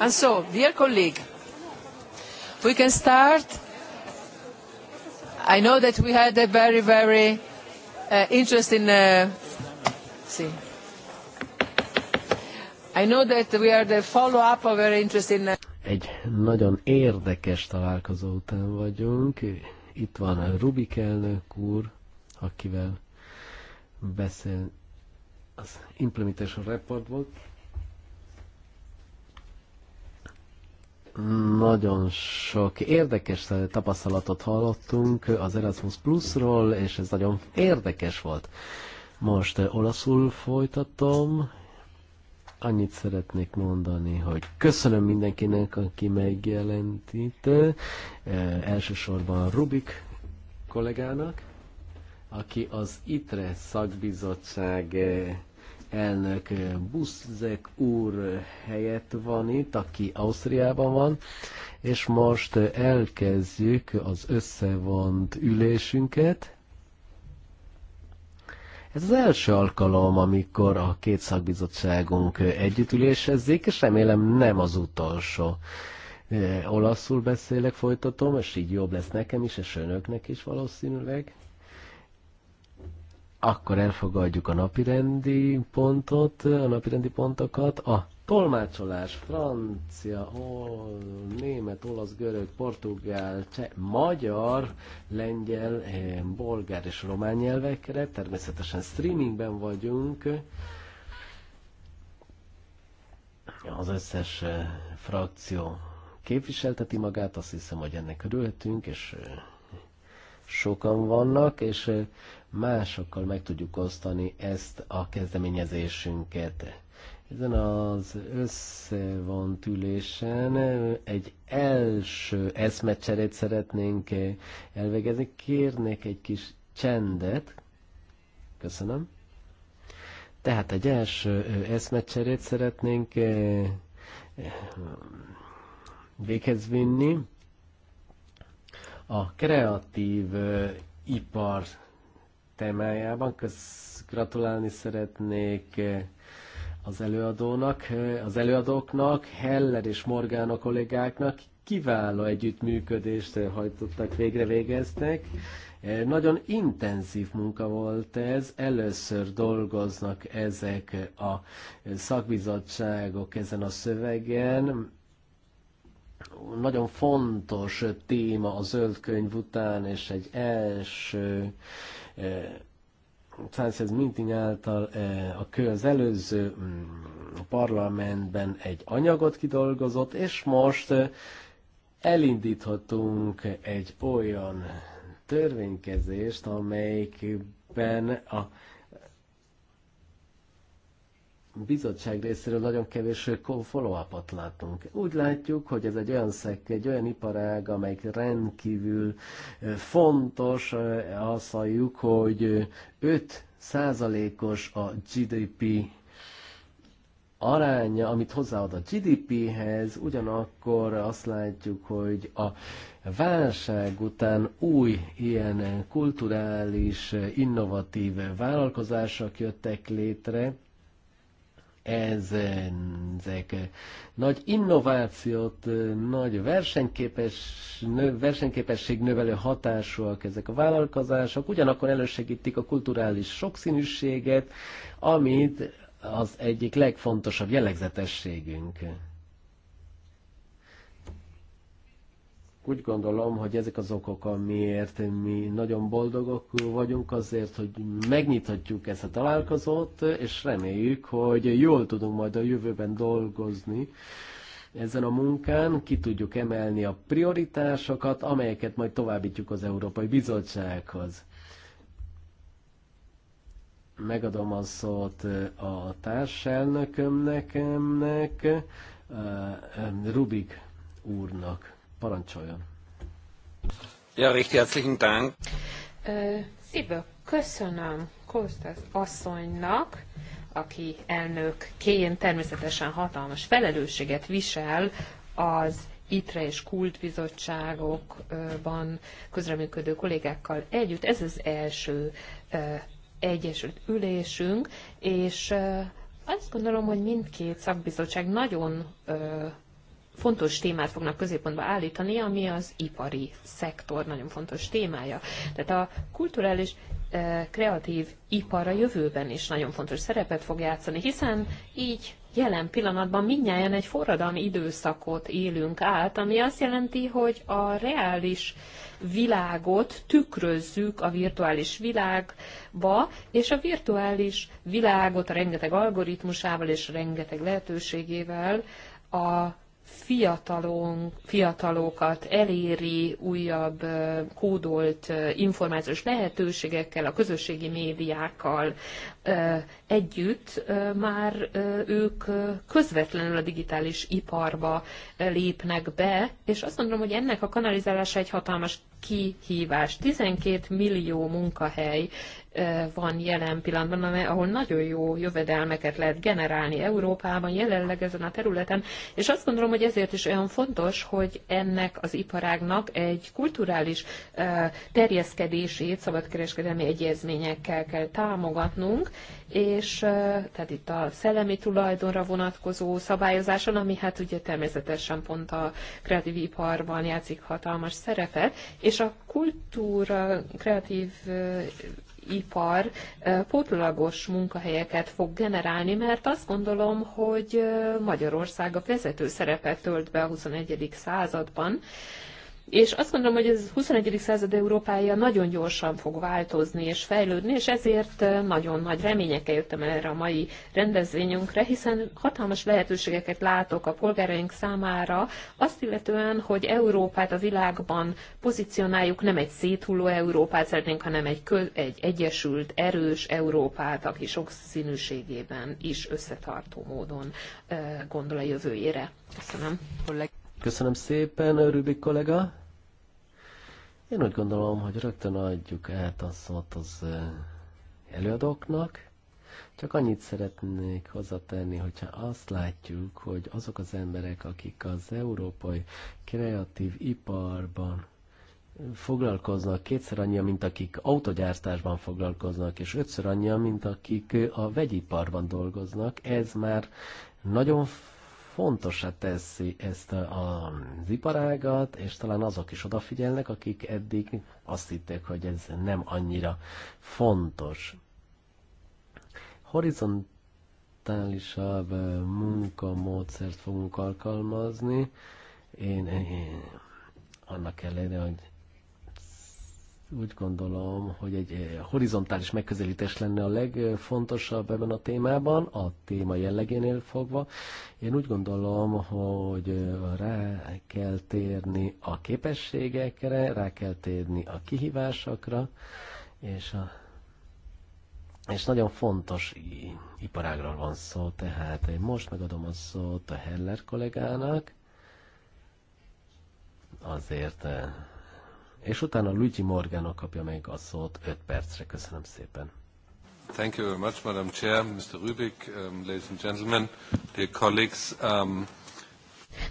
And so, dear colleague, we can start. I know that we had a very, very uh, interesting. Uh, see. I know that we are the follow-up of very interesting. Uh... Egy nagyon érdekes találkozó után vagyunk. Itt van a Rubik elnök úr, akivel beszél az Implementation volt. nagyon sok érdekes tapasztalatot hallottunk az Erasmus Plus-ról, és ez nagyon érdekes volt. Most eh, olaszul folytatom. Annyit szeretnék mondani, hogy köszönöm mindenkinek, aki megjelent itt. Eh, elsősorban Rubik kollégának, aki az ITRE szakbizottság eh, elnök Buszek úr helyett van itt, aki Ausztriában van, és most elkezdjük az összevont ülésünket. Ez az első alkalom, amikor a két szakbizottságunk együtt ülésezzék, és remélem nem az utolsó. Eh, olaszul beszélek, folytatom, és így jobb lesz nekem is, és önöknek is valószínűleg. Akkor elfogadjuk a napirendi pontot, a napirendi pontokat. A tolmácsolás francia, ol, német, olasz, görög, portugál, cseh, magyar, lengyel, eh, bolgár és román nyelvekre. Természetesen streamingben vagyunk. Az összes eh, frakció képviselteti magát, azt hiszem, hogy ennek örülhetünk, és eh, sokan vannak, és másokkal meg tudjuk osztani ezt a kezdeményezésünket. Ezen az összevont ülésen egy első eszmecserét szeretnénk elvégezni. Kérnék egy kis csendet. Köszönöm. Tehát egy első eszmecserét szeretnénk eh, véghez vinni. A kreatív eh, ipar témájában. Kösz, gratulálni szeretnék eh, az előadónak, eh, az előadóknak, Heller és a kollégáknak kiváló együttműködést eh, hajtottak végre, végeztek. Nagyon intenzív munka volt ez, először dolgoznak ezek a szakbizottságok ezen a szövegen, nagyon fontos téma a zöld könyv után, és egy első Sánchez eh, Minting által eh, a az előző mm, parlamentben egy anyagot kidolgozott, és most eh, elindíthatunk egy olyan törvénykezést, amelyikben a bizottság részéről nagyon kevés follow up látunk. Úgy látjuk, hogy ez egy olyan szek, egy olyan iparág, amelyik rendkívül fontos, azt halljuk, hogy 5 százalékos a GDP aránya, amit hozzáad a GDP-hez, ugyanakkor azt látjuk, hogy a válság után új ilyen kulturális, innovatív vállalkozások jöttek létre, ezen ezek nagy innovációt, nagy versenyképes, nö, versenyképesség növelő hatásúak ezek a vállalkozások, ugyanakkor elősegítik a kulturális sokszínűséget, amit az egyik legfontosabb jellegzetességünk. Úgy gondolom, hogy ezek az okok, amiért mi nagyon boldogok vagyunk azért, hogy megnyithatjuk ezt a találkozót, és reméljük, hogy jól tudunk majd a jövőben dolgozni, ezen a munkán ki tudjuk emelni a prioritásokat, amelyeket majd továbbítjuk az Európai Bizottsághoz. Megadom a szót a társelnökömnek, Rubik úrnak. Parancsoljon. Ja, richtig herzlichen Dank. Szívből köszönöm Kostas asszonynak, aki elnökként természetesen hatalmas felelősséget visel az ITRE és KULT bizottságokban közreműködő kollégákkal együtt. Ez az első egyesült ülésünk, és azt gondolom, hogy mindkét szakbizottság nagyon fontos témát fognak középpontba állítani, ami az ipari szektor nagyon fontos témája. Tehát a kulturális e, kreatív ipar a jövőben is nagyon fontos szerepet fog játszani, hiszen így jelen pillanatban mindnyáján egy forradalmi időszakot élünk át, ami azt jelenti, hogy a reális világot tükrözzük a virtuális világba, és a virtuális világot a rengeteg algoritmusával és rengeteg lehetőségével a fiatalon, fiatalokat eléri újabb kódolt információs lehetőségekkel, a közösségi médiákkal együtt már ők közvetlenül a digitális iparba lépnek be, és azt gondolom, hogy ennek a kanalizálása egy hatalmas kihívás. 12 millió munkahely van jelen pillanatban, ahol nagyon jó jövedelmeket lehet generálni Európában, jelenleg ezen a területen, és azt gondolom, hogy ezért is olyan fontos, hogy ennek az iparágnak egy kulturális terjeszkedését szabadkereskedelmi egyezményekkel kell támogatnunk, és és tehát itt a szellemi tulajdonra vonatkozó szabályozáson, ami hát ugye természetesen pont a kreatív iparban játszik hatalmas szerepet, és a kultúra, kreatív ipar pótlagos munkahelyeket fog generálni, mert azt gondolom, hogy Magyarország a vezető szerepet tölt be a 21. században, és azt gondolom, hogy ez 21. század Európája nagyon gyorsan fog változni és fejlődni, és ezért nagyon nagy reményekkel jöttem erre a mai rendezvényünkre, hiszen hatalmas lehetőségeket látok a polgáraink számára, azt illetően, hogy Európát a világban pozícionáljuk, nem egy széthulló Európát szeretnénk, hanem egy, kö, egy egyesült, erős Európát, aki sokszínűségében is összetartó módon gondol a jövőjére. Köszönöm. Köszönöm szépen, Rubik kollega. Én úgy gondolom, hogy rögtön adjuk át a szót az előadóknak. Csak annyit szeretnék hozzátenni, hogyha azt látjuk, hogy azok az emberek, akik az európai kreatív iparban foglalkoznak kétszer annyian, mint akik autogyártásban foglalkoznak, és ötször annyian, mint akik a vegyiparban dolgoznak, ez már nagyon fontosá teszi ezt az iparágat, és talán azok is odafigyelnek, akik eddig azt hitték, hogy ez nem annyira fontos. Horizontálisabb eh, munkamódszert fogunk alkalmazni. Én, én annak ellenére, hogy úgy gondolom, hogy egy eh, horizontális megközelítés lenne a legfontosabb ebben a témában, a téma jellegénél fogva. Én úgy gondolom, hogy eh, rá kell térni a képességekre, rá kell térni a kihívásokra, és, a, és nagyon fontos iparágról van szó, tehát én most megadom a szót a Heller kollégának, azért eh, és utána Luigi Morgano kapja meg a szót 5 percre. Köszönöm szépen. Thank you very much, Madam Chair, Mr. Rubik, um, ladies and gentlemen, dear colleagues. Um...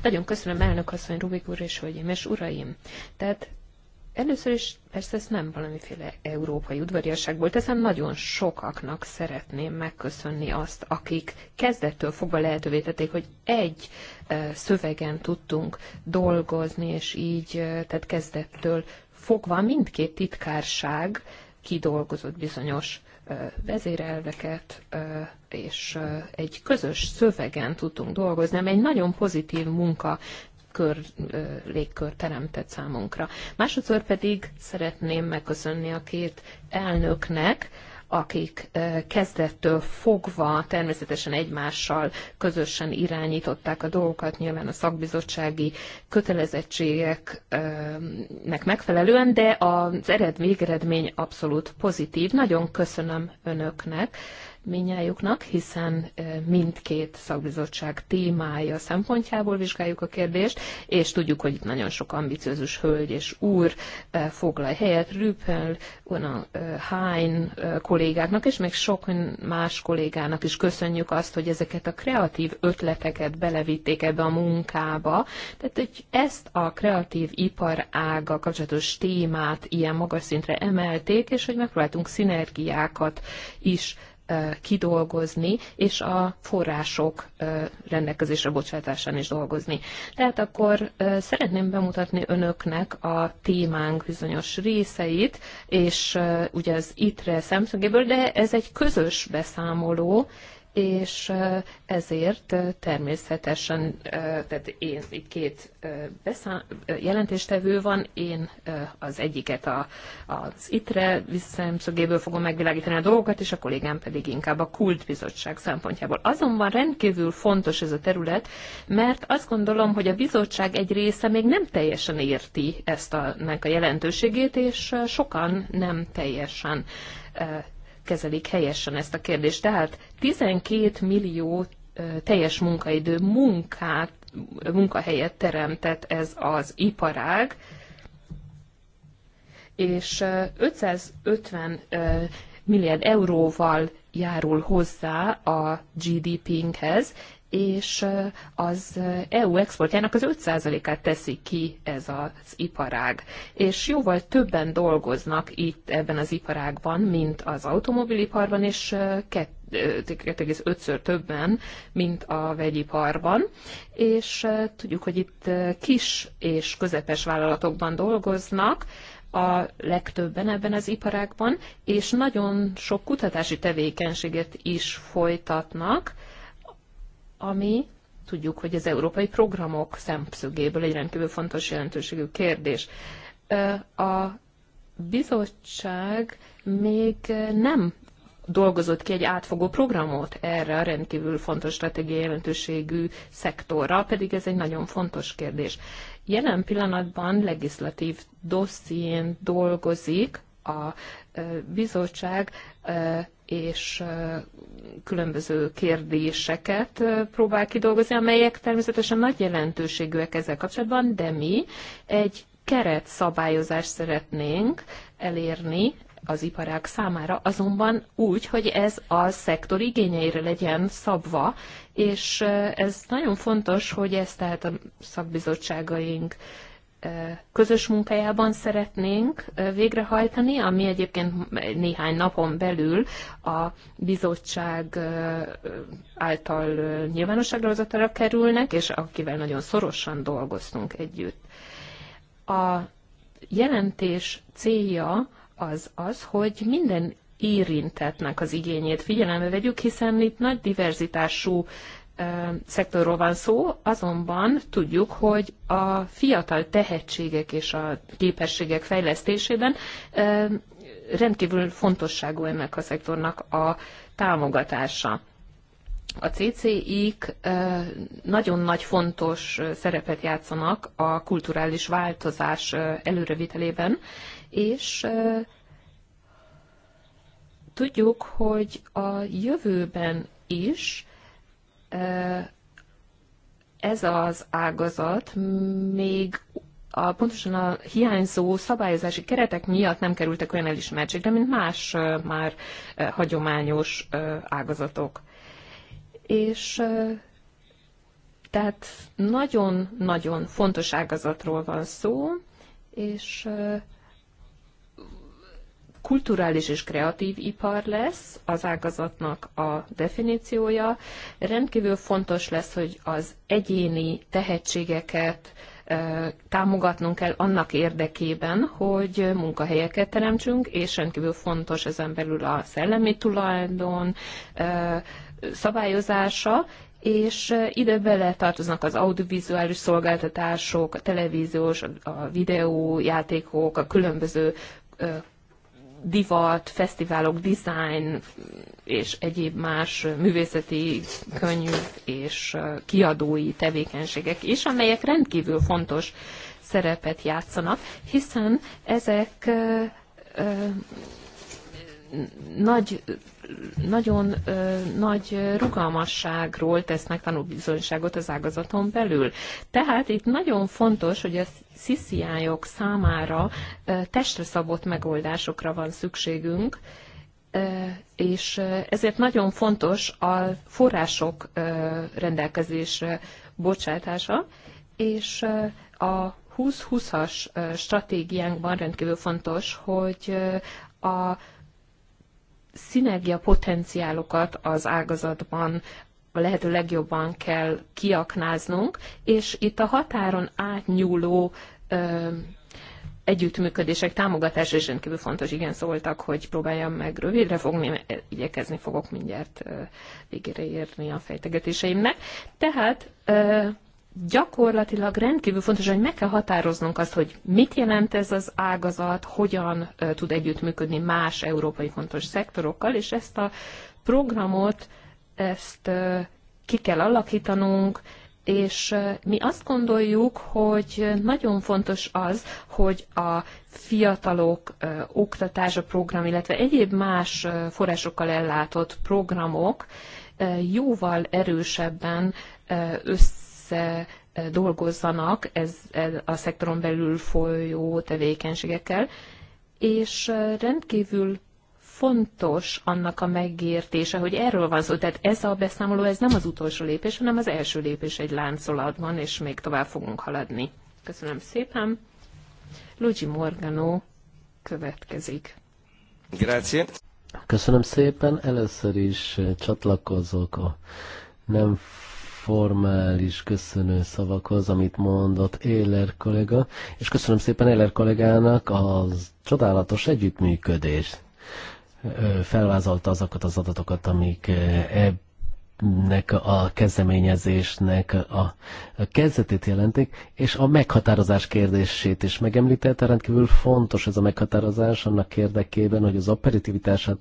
Nagyon köszönöm elnök asszony, Rubik úr és hölgyeim és uraim. Tehát Először is persze ez nem valamiféle európai volt, teszem, nagyon sokaknak szeretném megköszönni azt, akik kezdettől fogva lehetővé tették, hogy egy szövegen tudtunk dolgozni, és így, tehát kezdettől fogva mindkét titkárság kidolgozott bizonyos vezérelveket, és egy közös szövegen tudtunk dolgozni, ami egy nagyon pozitív munka kör, légkör teremtett számunkra. Másodszor pedig szeretném megköszönni a két elnöknek, akik kezdettől fogva természetesen egymással közösen irányították a dolgokat, nyilván a szakbizottsági kötelezettségeknek megfelelően, de az eredmény, végeredmény abszolút pozitív. Nagyon köszönöm önöknek minnyájuknak, hiszen mindkét szakbizottság témája szempontjából vizsgáljuk a kérdést, és tudjuk, hogy itt nagyon sok ambiciózus hölgy és úr foglal helyet, Rüppel, Una Hein kollégáknak, és még sok más kollégának is köszönjük azt, hogy ezeket a kreatív ötleteket belevitték ebbe a munkába. Tehát, hogy ezt a kreatív ága kapcsolatos témát ilyen magas szintre emelték, és hogy megpróbáltunk szinergiákat is kidolgozni, és a források rendelkezésre bocsátásán is dolgozni. Tehát akkor szeretném bemutatni önöknek a témánk bizonyos részeit, és ugye az ITRE szemszögéből, de ez egy közös beszámoló, és ezért természetesen, tehát én itt két beszám, jelentéstevő van, én az egyiket a, az ITRE visszaemszögéből fogom megvilágítani a dolgokat, és a kollégám pedig inkább a KULT bizottság szempontjából. Azonban rendkívül fontos ez a terület, mert azt gondolom, hogy a bizottság egy része még nem teljesen érti ezt a, a jelentőségét, és sokan nem teljesen kezelik helyesen ezt a kérdést. Tehát 12 millió teljes munkaidő munkát, munkahelyet teremtett ez az iparág, és 550 milliárd euróval járul hozzá a GDP-nkhez, és az EU exportjának az 5%-át teszi ki ez az iparág. És jóval többen dolgoznak itt ebben az iparágban, mint az automobiliparban, és 2,5-ször többen, mint a vegyiparban. És tudjuk, hogy itt kis és közepes vállalatokban dolgoznak, a legtöbben ebben az iparágban, és nagyon sok kutatási tevékenységet is folytatnak, ami tudjuk, hogy az európai programok szemszögéből egy rendkívül fontos jelentőségű kérdés. A bizottság még nem dolgozott ki egy átfogó programot erre a rendkívül fontos stratégiai jelentőségű szektorra, pedig ez egy nagyon fontos kérdés. Jelen pillanatban legislatív dosszién dolgozik a bizottság és különböző kérdéseket próbál kidolgozni, amelyek természetesen nagy jelentőségűek ezzel kapcsolatban, de mi egy keret szabályozást szeretnénk elérni az iparág számára, azonban úgy, hogy ez a szektor igényeire legyen szabva, és ez nagyon fontos, hogy ezt tehát a szakbizottságaink közös munkájában szeretnénk végrehajtani, ami egyébként néhány napon belül a bizottság által nyilvánosságra hozatára kerülnek, és akivel nagyon szorosan dolgoztunk együtt. A jelentés célja az az, hogy minden érintetnek az igényét figyelembe vegyük, hiszen itt nagy diverzitású szektorról van szó, azonban tudjuk, hogy a fiatal tehetségek és a képességek fejlesztésében rendkívül fontosságú ennek a szektornak a támogatása. A CCI-k nagyon nagy fontos szerepet játszanak a kulturális változás előrevitelében, és tudjuk, hogy a jövőben is ez az ágazat még a, pontosan a hiányzó szabályozási keretek miatt nem kerültek olyan elismertségre, mint más már hagyományos ágazatok. És tehát nagyon-nagyon fontos ágazatról van szó, és kulturális és kreatív ipar lesz az ágazatnak a definíciója. Rendkívül fontos lesz, hogy az egyéni tehetségeket támogatnunk kell annak érdekében, hogy munkahelyeket teremtsünk, és rendkívül fontos ezen belül a szellemi tulajdon szabályozása, és ide bele tartoznak az audiovizuális szolgáltatások, a televíziós, a videójátékok, a különböző divat, fesztiválok, design és egyéb más művészeti könyv és kiadói tevékenységek is, amelyek rendkívül fontos szerepet játszanak, hiszen ezek nagy, nagyon ö, nagy rugalmasságról tesznek tanúbizonyságot az ágazaton belül. Tehát itt nagyon fontos, hogy a cci számára ö, testre szabott megoldásokra van szükségünk, és ezért nagyon fontos a források rendelkezésre bocsátása, és a 20 20 as stratégiánkban rendkívül fontos, hogy a szinergia potenciálokat az ágazatban a lehető legjobban kell kiaknáznunk, és itt a határon átnyúló ö, együttműködések támogatás, és rendkívül fontos. Igen, szóltak, hogy próbáljam meg rövidre fogni, mert igyekezni fogok mindjárt végére érni a fejtegetéseimnek. Tehát gyakorlatilag rendkívül fontos, hogy meg kell határoznunk azt, hogy mit jelent ez az ágazat, hogyan tud együttműködni más európai fontos szektorokkal, és ezt a programot, ezt ki kell alakítanunk, és mi azt gondoljuk, hogy nagyon fontos az, hogy a fiatalok oktatása program, illetve egyéb más forrásokkal ellátott programok jóval erősebben össze dolgozzanak ez, e, a szektoron belül folyó tevékenységekkel, és rendkívül fontos annak a megértése, hogy erről van szó. Tehát ez a beszámoló, ez nem az utolsó lépés, hanem az első lépés egy láncolatban, és még tovább fogunk haladni. Köszönöm szépen. Luigi Morgano következik. Grazie. Köszönöm szépen. Először is csatlakozok a nem formális köszönő szavakhoz, amit mondott Éler kollega, és köszönöm szépen Éler kollégának az csodálatos együttműködést felvázolta azokat az adatokat, amik ebb eh, nek a kezdeményezésnek a kezdetét jelentik, és a meghatározás kérdését is megemlítette. Rendkívül fontos ez a meghatározás annak érdekében, hogy az operativitását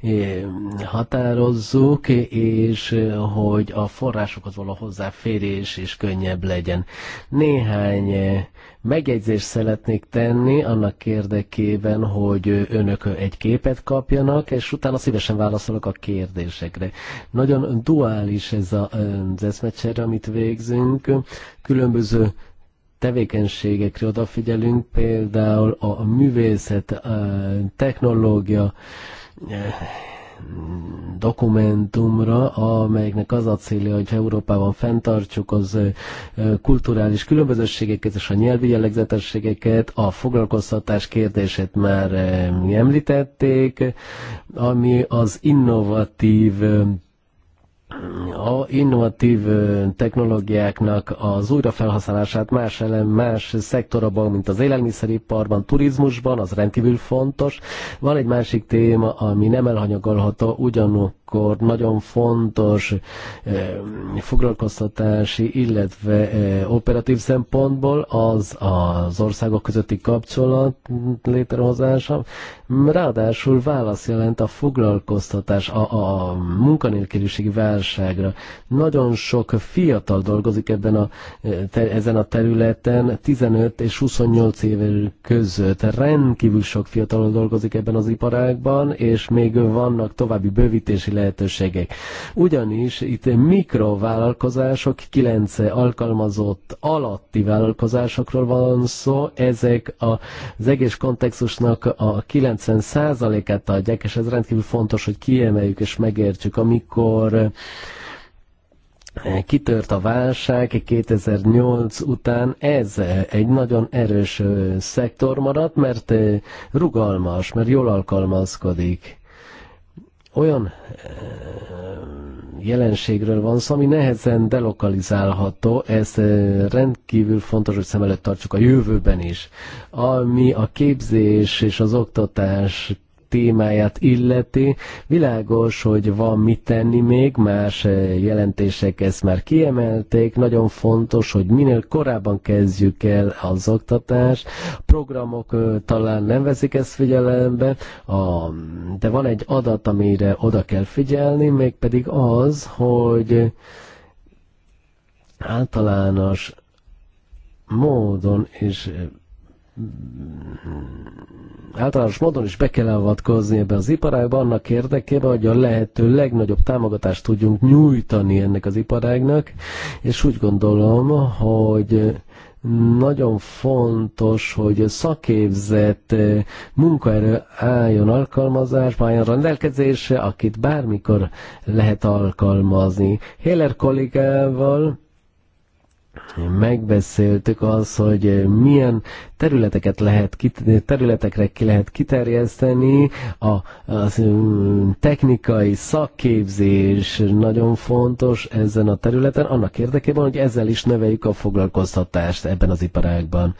meghatározzuk, eh, és eh, hogy a forrásokhoz való hozzáférés is könnyebb legyen. Néhány eh, megjegyzést szeretnék tenni annak érdekében, hogy önök egy képet kapjanak, és utána szívesen válaszolok a kérdésekre. Nagyon duális ez a, az amit végzünk. Különböző tevékenységekre odafigyelünk, például a művészet, a technológia, dokumentumra, amelynek az a célja, hogy Európában fenntartsuk az kulturális különbözőségeket és a nyelvi jellegzetességeket, a foglalkoztatás kérdését már említették, ami az innovatív a innovatív technológiáknak az újrafelhasználását más elem, más szektorokban, mint az élelmiszeriparban, turizmusban, az rendkívül fontos. Van egy másik téma, ami nem elhanyagolható, ugyanúgy akkor nagyon fontos eh, foglalkoztatási, illetve eh, operatív szempontból az az országok közötti kapcsolat létrehozása. Ráadásul válasz jelent a foglalkoztatás a, a munkanélküliségi válságra. Nagyon sok fiatal dolgozik ebben a, eh, ezen a területen, 15 és 28 év között. Rendkívül sok fiatal dolgozik ebben az iparágban, és még vannak további bővítési lehetőségek. Ugyanis itt mikrovállalkozások, 9 alkalmazott alatti vállalkozásokról van szó, ezek az egész kontextusnak a 90%-át adják, és ez rendkívül fontos, hogy kiemeljük és megértsük, amikor kitört a válság 2008 után, ez egy nagyon erős szektor maradt, mert rugalmas, mert jól alkalmazkodik olyan eh, jelenségről van szó, ami nehezen delokalizálható, ez eh, rendkívül fontos, hogy szem előtt tartsuk a jövőben is. Ami a képzés és az oktatás témáját illeti, világos, hogy van mit tenni még, más eh, jelentések ezt már kiemelték, nagyon fontos, hogy minél korábban kezdjük el az oktatást, programok eh, talán nem veszik ezt figyelembe, de van egy adat, amire oda kell figyelni, mégpedig az, hogy általános módon és általános módon is be kell avatkozni ebbe az iparágba annak érdekében, hogy a lehető legnagyobb támogatást tudjunk nyújtani ennek az iparágnak, és úgy gondolom, hogy nagyon fontos, hogy szakképzett eh, munkaerő álljon alkalmazásba, álljon rendelkezésre, akit bármikor lehet alkalmazni. Héler kollégával megbeszéltük az, hogy milyen területeket lehet, területekre ki lehet kiterjeszteni, a, a, a technikai szakképzés nagyon fontos ezen a területen, annak érdekében, hogy ezzel is növeljük a foglalkoztatást ebben az iparágban.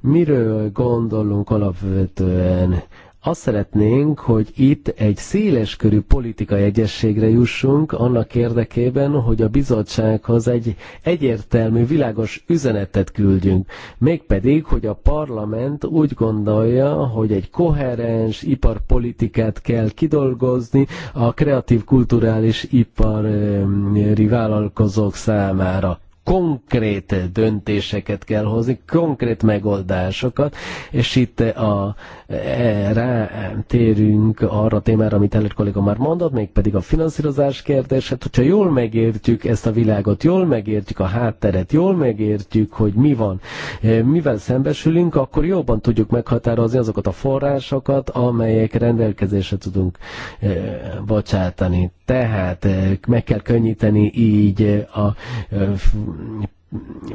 Miről gondolunk alapvetően? Azt szeretnénk, hogy itt egy széleskörű politikai egyességre jussunk annak érdekében, hogy a bizottsághoz egy egyértelmű, világos üzenetet küldjünk. Mégpedig, hogy a parlament úgy gondolja, hogy egy koherens iparpolitikát kell kidolgozni a kreatív kulturális ipari vállalkozók számára konkrét döntéseket kell hozni, konkrét megoldásokat, és itt a, e, térünk arra a témára, amit előtt kolléga már mondott, mégpedig a finanszírozás Hát, hogyha jól megértjük ezt a világot, jól megértjük a hátteret, jól megértjük, hogy mi van, e, mivel szembesülünk, akkor jobban tudjuk meghatározni azokat a forrásokat, amelyek rendelkezésre tudunk e, bocsátani. Tehát e, meg kell könnyíteni így a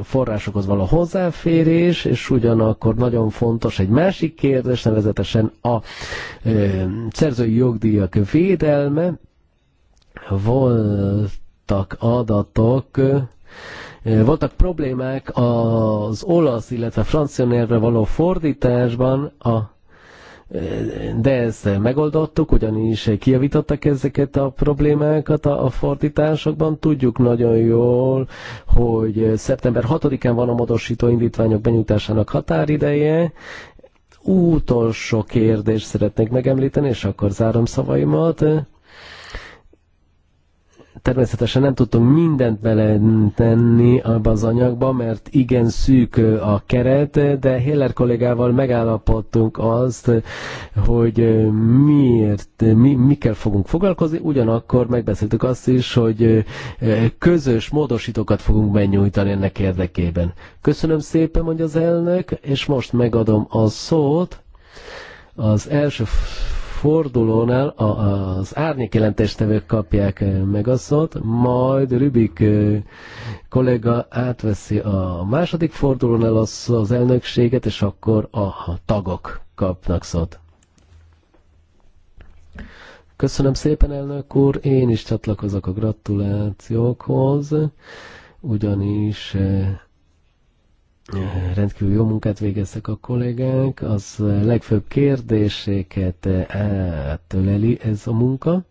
forrásokhoz való hozzáférés, és ugyanakkor nagyon fontos egy másik kérdés, nevezetesen a ö, szerzői jogdíjak védelme. Voltak adatok, voltak problémák az olasz, illetve francia nyelvre való fordításban a de ezt megoldottuk, ugyanis kijavítottak ezeket a problémákat a, a fordításokban. Tudjuk nagyon jól, hogy szeptember 6-án van a módosító indítványok benyújtásának határideje, utolsó kérdést szeretnék megemlíteni, és akkor zárom szavaimat. Természetesen nem tudtunk mindent beletenni abba az anyagba, mert igen szűk a keret, de Heller kollégával megállapodtunk azt, hogy miért, mi, mikkel fogunk foglalkozni, ugyanakkor megbeszéltük azt is, hogy közös módosítókat fogunk benyújtani ennek érdekében. Köszönöm szépen, mondja az elnök, és most megadom a szót az első fordulónál az árnyékjelentéstevők kapják eh, meg a szót, majd Rübik eh, kollega átveszi a második fordulónál az, az elnökséget, és akkor a tagok kapnak szót. Köszönöm szépen, elnök úr, én is csatlakozok a gratulációkhoz, ugyanis eh, Rendkívül jó munkát végeztek a kollégánk, az legfőbb kérdéseket átöleli eh, ez a munka.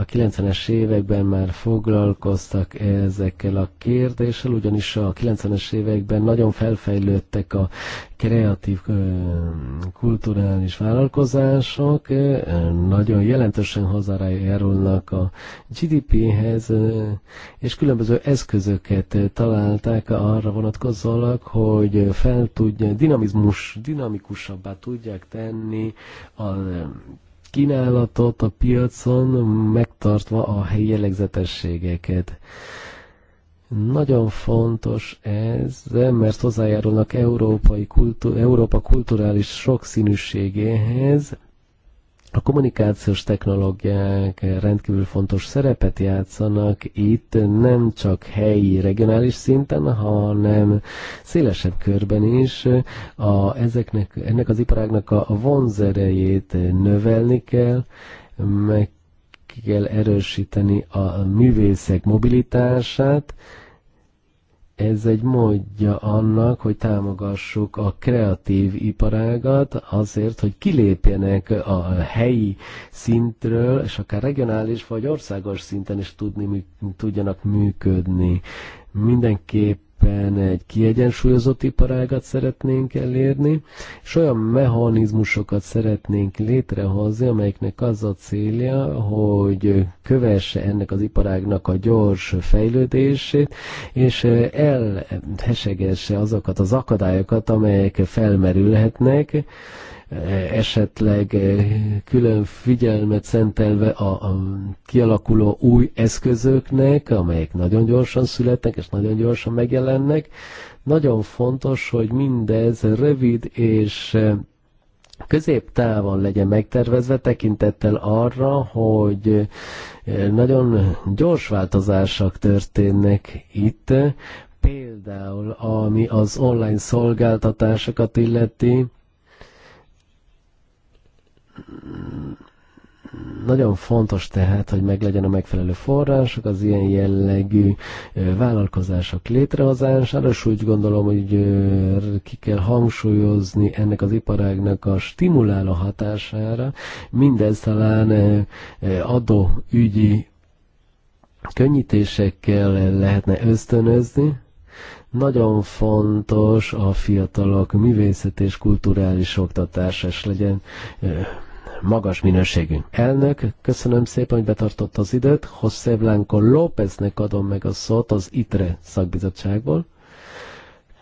A 90-es években már foglalkoztak ezekkel a kérdéssel, ugyanis a 90-es években nagyon felfejlődtek a kreatív kulturális vállalkozások, nagyon jelentősen hozzájárulnak a GDP-hez, és különböző eszközöket találták arra vonatkozólag, hogy fel tudja, dinamizmus, dinamikusabbá tudják tenni a kínálatot a piacon, megtartva a helyi jellegzetességeket. Nagyon fontos ez, mert hozzájárulnak európai kultúr, Európa kulturális sokszínűségéhez, a kommunikációs technológiák rendkívül fontos szerepet játszanak itt nem csak helyi, regionális szinten, hanem szélesebb körben is a, ezeknek, ennek az iparágnak a vonzerejét növelni kell, meg kell erősíteni a művészek mobilitását, ez egy módja annak, hogy támogassuk a kreatív iparágat azért, hogy kilépjenek a helyi szintről, és akár regionális vagy országos szinten is tudni, tudjanak működni. Mindenképp mindenképpen egy kiegyensúlyozott iparágat szeretnénk elérni, és olyan mechanizmusokat szeretnénk létrehozni, amelyeknek az a célja, hogy kövesse ennek az iparágnak a gyors fejlődését, és elhesegesse azokat az akadályokat, amelyek felmerülhetnek, esetleg eh, külön figyelmet szentelve a, kialakuló új eszközöknek, amelyek nagyon gyorsan születnek és nagyon gyorsan megjelennek. Nagyon fontos, hogy mindez rövid és eh, középtávon legyen megtervezve tekintettel arra, hogy eh, nagyon gyors változások történnek itt, például ami az online szolgáltatásokat illeti, nagyon fontos tehát, hogy meglegyen a megfelelő források az ilyen jellegű vállalkozások létrehozására, és úgy gondolom, hogy ki kell hangsúlyozni ennek az iparágnak a stimuláló hatására, mindez talán adóügyi könnyítésekkel lehetne ösztönözni, nagyon fontos a fiatalok művészet és kulturális oktatása, és legyen magas minőségű. Elnök, köszönöm szépen, hogy betartott az időt. José Blanco Lópeznek adom meg a szót az ITRE szakbizottságból.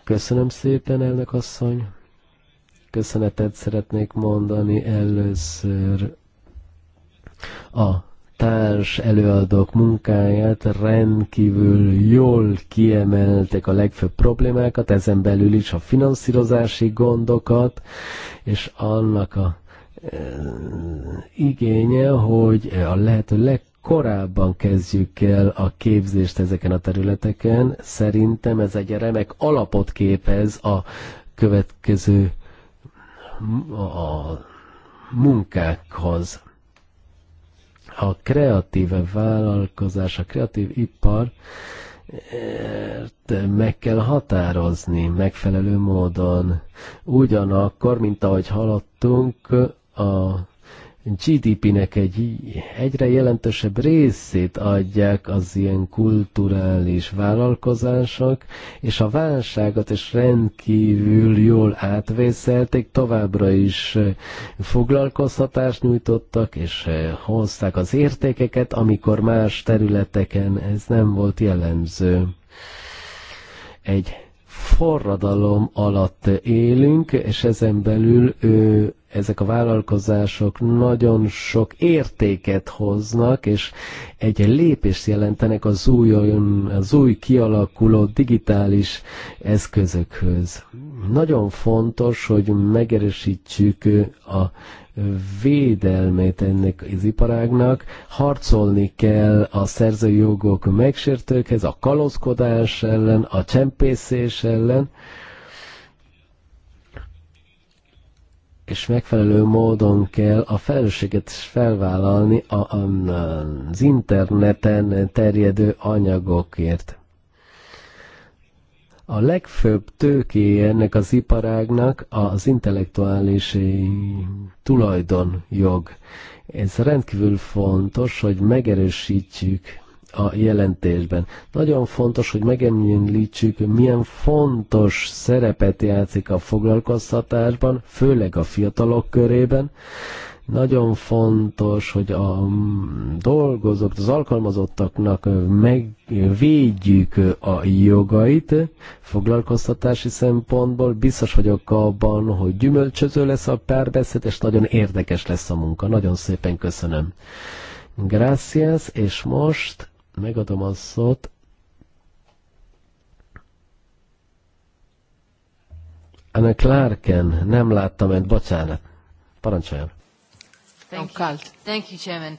Köszönöm szépen, elnök asszony. Köszönetet szeretnék mondani először a társ előadók munkáját rendkívül jól kiemeltek a legfőbb problémákat, ezen belül is a finanszírozási gondokat, és annak a igénye, hogy a lehető leg korábban kezdjük el a képzést ezeken a területeken. Szerintem ez egy remek alapot képez a következő a munkákhoz. A kreatív vállalkozás, a kreatív ipar meg kell határozni megfelelő módon. Ugyanakkor, mint ahogy haladtunk, a GDP-nek egy egyre jelentősebb részét adják az ilyen kulturális vállalkozások, és a válságot is rendkívül jól átvészelték, továbbra is foglalkoztatást nyújtottak, és hozták az értékeket, amikor más területeken ez nem volt jellemző. Egy forradalom alatt élünk, és ezen belül ő ezek a vállalkozások nagyon sok értéket hoznak, és egy lépést jelentenek az új, az új kialakuló digitális eszközökhöz. Nagyon fontos, hogy megerősítsük a védelmét ennek az iparágnak, harcolni kell a szerzőjogok megsértőkhez, a kalózkodás ellen, a csempészés ellen, és megfelelő módon kell a felelősséget felvállalni a, a, az interneten terjedő anyagokért. A legfőbb tőkéje ennek az iparágnak az intellektuális eh, tulajdonjog. Ez rendkívül fontos, hogy megerősítjük a jelentésben. Nagyon fontos, hogy megemlítsük, milyen fontos szerepet játszik a foglalkoztatásban, főleg a fiatalok körében. Nagyon fontos, hogy a mm, dolgozók, az alkalmazottaknak megvédjük a jogait foglalkoztatási szempontból. Biztos vagyok abban, hogy gyümölcsöző lesz a párbeszéd, és nagyon érdekes lesz a munka. Nagyon szépen köszönöm. Gracias, és most megadom a szót Anna Clarken, nem láttam egy bocsánat. Parancsoljon. Thank you. Thank you, Chairman.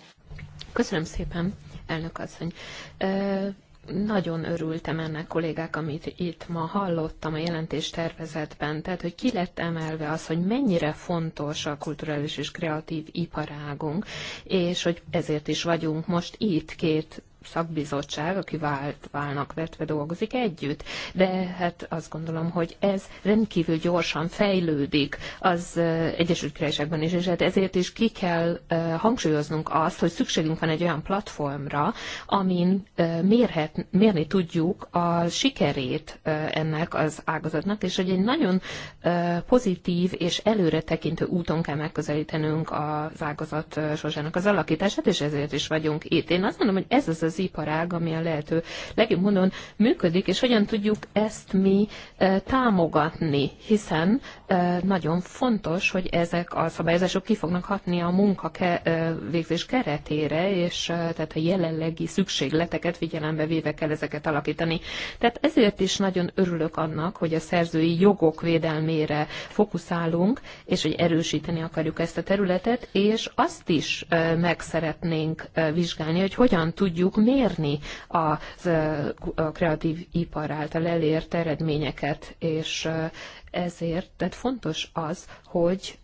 Köszönöm szépen, elnök asszony. Uh, nagyon örültem ennek kollégák, amit itt ma hallottam a jelentés tervezetben, tehát hogy ki lett emelve az, hogy mennyire fontos a kulturális és kreatív iparágunk, és hogy ezért is vagyunk most itt két szakbizottság, aki vált, válnak vetve dolgozik együtt, de hát azt gondolom, hogy ez rendkívül gyorsan fejlődik az Egyesült Királyságban is, és hát ezért is ki kell hangsúlyoznunk azt, hogy szükségünk van egy olyan platformra, amin mérhet, mérni tudjuk a sikerét ennek az ágazatnak, és hogy egy nagyon pozitív és előre tekintő úton kell megközelítenünk az ágazat sorsának az alakítását, és ezért is vagyunk itt. Én azt mondom, hogy ez az az az iparág, ami a lehető legjobb módon működik, és hogyan tudjuk ezt mi támogatni, hiszen nagyon fontos, hogy ezek a szabályozások ki fognak hatni a munka végzés keretére, és tehát a jelenlegi szükségleteket figyelembe véve kell ezeket alakítani. Tehát ezért is nagyon örülök annak, hogy a szerzői jogok védelmére fókuszálunk, és hogy erősíteni akarjuk ezt a területet, és azt is meg szeretnénk vizsgálni, hogy hogyan tudjuk mérni a kreatív ipar által elért eredményeket, és ezért, tehát fontos az, hogy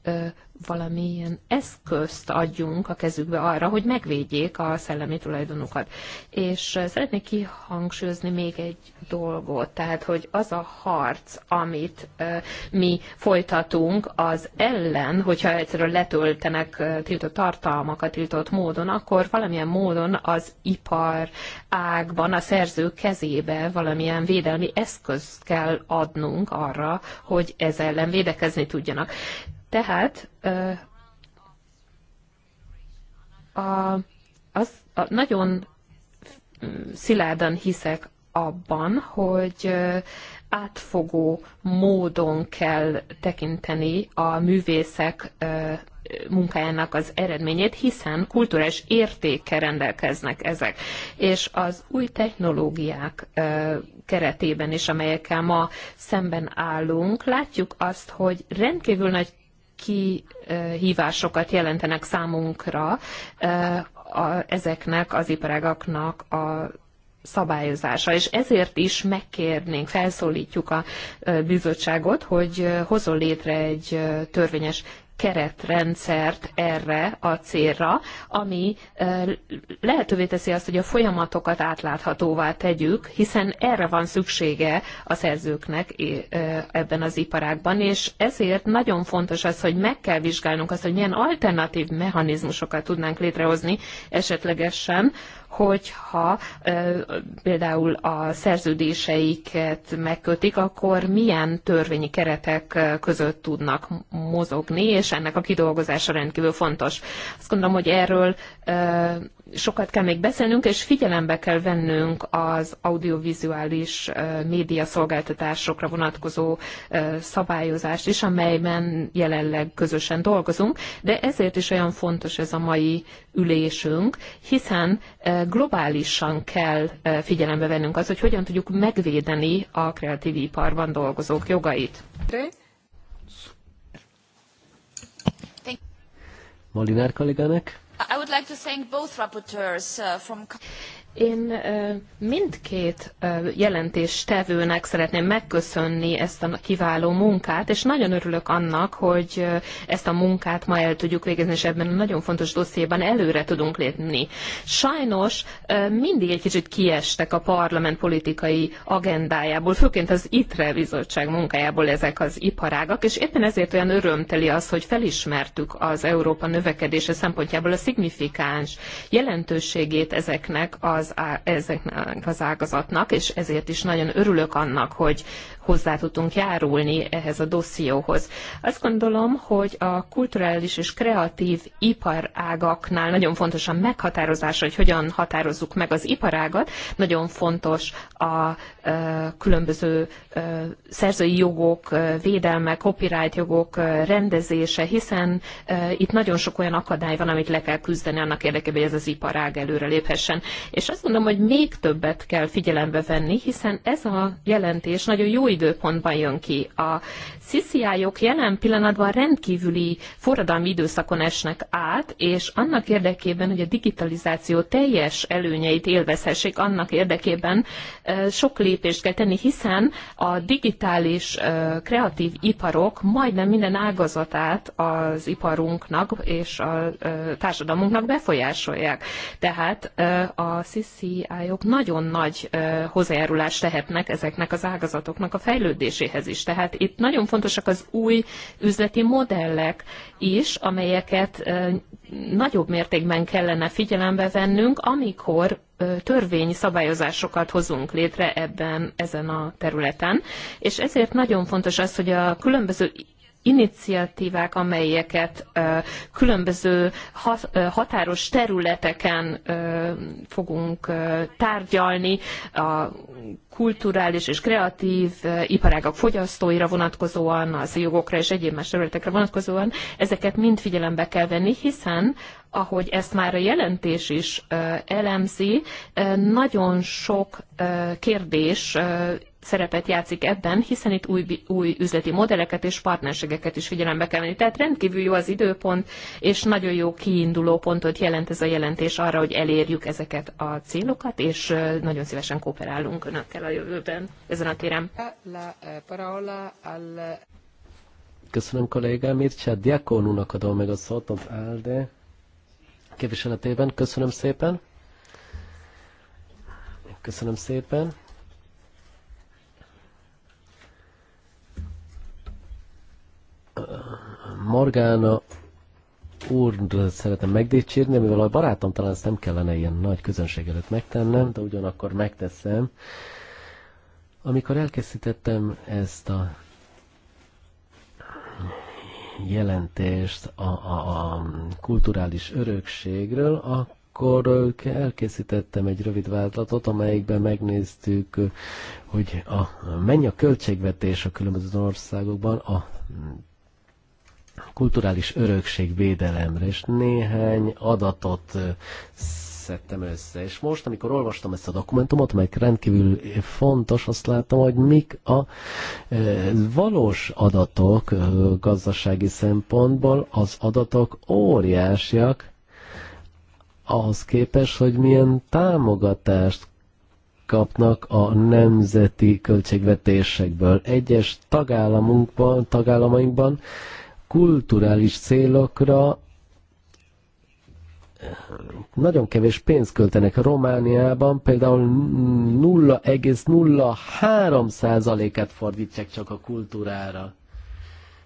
valamilyen eszközt adjunk a kezükbe arra, hogy megvédjék a szellemi tulajdonukat. És eh, szeretnék kihangsúlyozni még egy dolgot, tehát, hogy az a harc, amit eh, mi folytatunk az ellen, hogyha egyszerűen letöltenek eh, tiltott tartalmakat tiltott módon, akkor valamilyen módon az ipar ágban a szerző kezébe valamilyen védelmi eszközt kell adnunk arra, hogy ez ellen védekezni tudjanak. Tehát a, az, a, nagyon szilárdan hiszek abban, hogy átfogó módon kell tekinteni a művészek munkájának az eredményét, hiszen kulturális értékkel rendelkeznek ezek. És az új technológiák keretében is, amelyekkel ma szemben állunk, látjuk azt, hogy rendkívül nagy kihívásokat jelentenek számunkra eh, ezeknek az iparágaknak a szabályozása, és ezért is megkérnénk, felszólítjuk a eh, bizottságot, hogy eh, hozzon létre egy törvényes keretrendszert erre a célra, ami lehetővé teszi azt, hogy a folyamatokat átláthatóvá tegyük, hiszen erre van szüksége a szerzőknek ebben az iparágban, és ezért nagyon fontos az, hogy meg kell vizsgálnunk azt, hogy milyen alternatív mechanizmusokat tudnánk létrehozni esetlegesen, hogyha például a szerződéseiket megkötik, akkor milyen törvényi keretek között tudnak mozogni, és ennek a kidolgozása rendkívül fontos. Azt gondolom, hogy erről sokat kell még beszélnünk, és figyelembe kell vennünk az audiovizuális média szolgáltatásokra vonatkozó szabályozást is, amelyben jelenleg közösen dolgozunk, de ezért is olyan fontos ez a mai ülésünk, hiszen e, globálisan kell e, figyelembe vennünk az, hogy hogyan tudjuk megvédeni a kreatív iparban dolgozók jogait. Molinár kollégának. I would like to thank both rapporteurs uh, from én mindkét jelentés tevőnek szeretném megköszönni ezt a kiváló munkát, és nagyon örülök annak, hogy ezt a munkát ma el tudjuk végezni, és ebben a nagyon fontos dossziéban előre tudunk lépni. Sajnos mindig egy kicsit kiestek a parlament politikai agendájából, főként az ITRE bizottság munkájából ezek az iparágak, és éppen ezért olyan örömteli az, hogy felismertük az Európa növekedése szempontjából a szignifikáns jelentőségét ezeknek az az, ezeknek az ágazatnak, és ezért is nagyon örülök annak, hogy, hozzá tudtunk járulni ehhez a dosszióhoz. Azt gondolom, hogy a kulturális és kreatív iparágaknál nagyon fontos a meghatározás, hogy hogyan határozzuk meg az iparágat, nagyon fontos a különböző szerzői jogok védelme, copyright jogok rendezése, hiszen itt nagyon sok olyan akadály van, amit le kell küzdeni annak érdekében, hogy ez az iparág előre léphessen. És azt gondolom, hogy még többet kell figyelembe venni, hiszen ez a jelentés nagyon jó időpontban jön ki. A CCI-ok jelen pillanatban rendkívüli forradalmi időszakon esnek át, és annak érdekében, hogy a digitalizáció teljes előnyeit élvezhessék, annak érdekében sok lépést kell tenni, hiszen a digitális kreatív iparok majdnem minden ágazatát az iparunknak és a társadalmunknak befolyásolják. Tehát a CCI-ok -ok nagyon nagy hozzájárulást tehetnek ezeknek az ágazatoknak a fejlődéséhez is. Tehát itt nagyon fontosak az új üzleti modellek is, amelyeket nagyobb mértékben kellene figyelembe vennünk, amikor törvényi szabályozásokat hozunk létre ebben, ezen a területen, és ezért nagyon fontos az, hogy a különböző iniciatívák, amelyeket különböző határos területeken fogunk tárgyalni, a kulturális és kreatív iparágak fogyasztóira vonatkozóan, az jogokra és egyéb más területekre vonatkozóan, ezeket mind figyelembe kell venni, hiszen ahogy ezt már a jelentés is elemzi, nagyon sok kérdés szerepet játszik ebben, hiszen itt új, új üzleti modelleket és partnerségeket is figyelembe kell venni. Tehát rendkívül jó az időpont, és nagyon jó kiinduló pontot jelent ez a jelentés arra, hogy elérjük ezeket a célokat, és nagyon szívesen kooperálunk Önökkel a jövőben ezen a téren. Köszönöm kollégám, Mircea Diakonunak adom meg a szót az ALDE képviseletében. Köszönöm szépen. Köszönöm szépen. Morgana úr szeretem megdicsérni, mivel a barátom talán ezt nem kellene ilyen nagy közönség előtt megtennem, de ugyanakkor megteszem. Amikor elkészítettem ezt a jelentést a, a, a kulturális örökségről, akkor akkor elkészítettem egy rövid váltatot, amelyikben megnéztük, hogy a, mennyi a költségvetés a különböző országokban a kulturális örökség védelemre, és néhány adatot szedtem össze. És most, amikor olvastam ezt a dokumentumot, mely rendkívül fontos, azt láttam, hogy mik a e, valós adatok e, gazdasági szempontból, az adatok óriásiak ahhoz képest, hogy milyen támogatást kapnak a nemzeti költségvetésekből. Egyes tagállamunkban, tagállamainkban kulturális célokra nagyon kevés pénzt költenek. Romániában például 0,03%-át fordítják csak a kultúrára.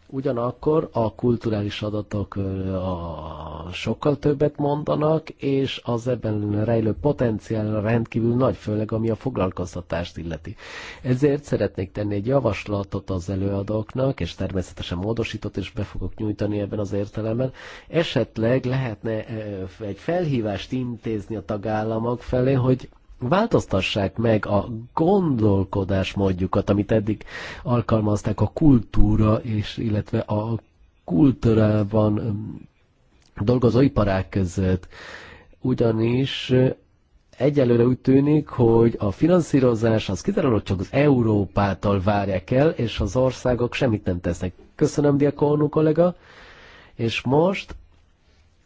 Ugyanakkor a kulturális adatok a sokkal többet mondanak, és az ebben rejlő potenciál rendkívül nagy, főleg ami a foglalkoztatást illeti. Ezért szeretnék tenni egy javaslatot az előadóknak, és természetesen módosított, és be fogok nyújtani ebben az értelemben. Esetleg lehetne egy felhívást intézni a tagállamok felé, hogy változtassák meg a gondolkodás módjukat, amit eddig alkalmazták a kultúra, és illetve a kultúrában um, dolgozó iparák között. Ugyanis egyelőre úgy tűnik, hogy a finanszírozás az kizárólag csak az Európától várják el, és az országok semmit nem tesznek. Köszönöm, Diakonu kollega. És most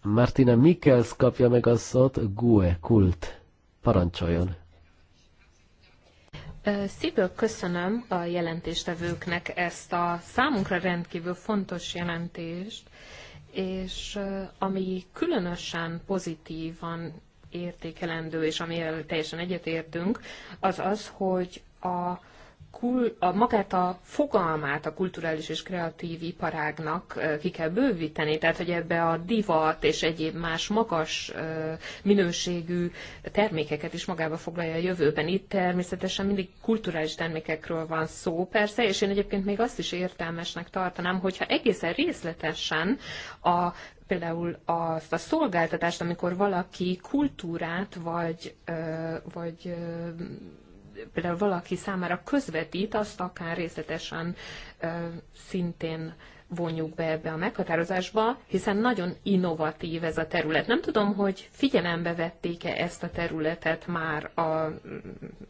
Martina Mikkels kapja meg a szót GUE kult Parancsoljon! Szívből köszönöm a jelentéstevőknek ezt a számunkra rendkívül fontos jelentést, és ami különösen pozitívan értékelendő, és amivel teljesen egyetértünk, az az, hogy a kul, a magát a fogalmát a kulturális és kreatív iparágnak ki kell bővíteni, tehát hogy ebbe a divat és egyéb más magas minőségű termékeket is magába foglalja a jövőben. Itt természetesen mindig kulturális termékekről van szó, persze, és én egyébként még azt is értelmesnek tartanám, hogyha egészen részletesen a például azt a szolgáltatást, amikor valaki kultúrát vagy, vagy például valaki számára közvetít, azt akár részletesen szintén vonjuk be ebbe a meghatározásba, hiszen nagyon innovatív ez a terület. Nem tudom, hogy figyelembe vették-e ezt a területet már a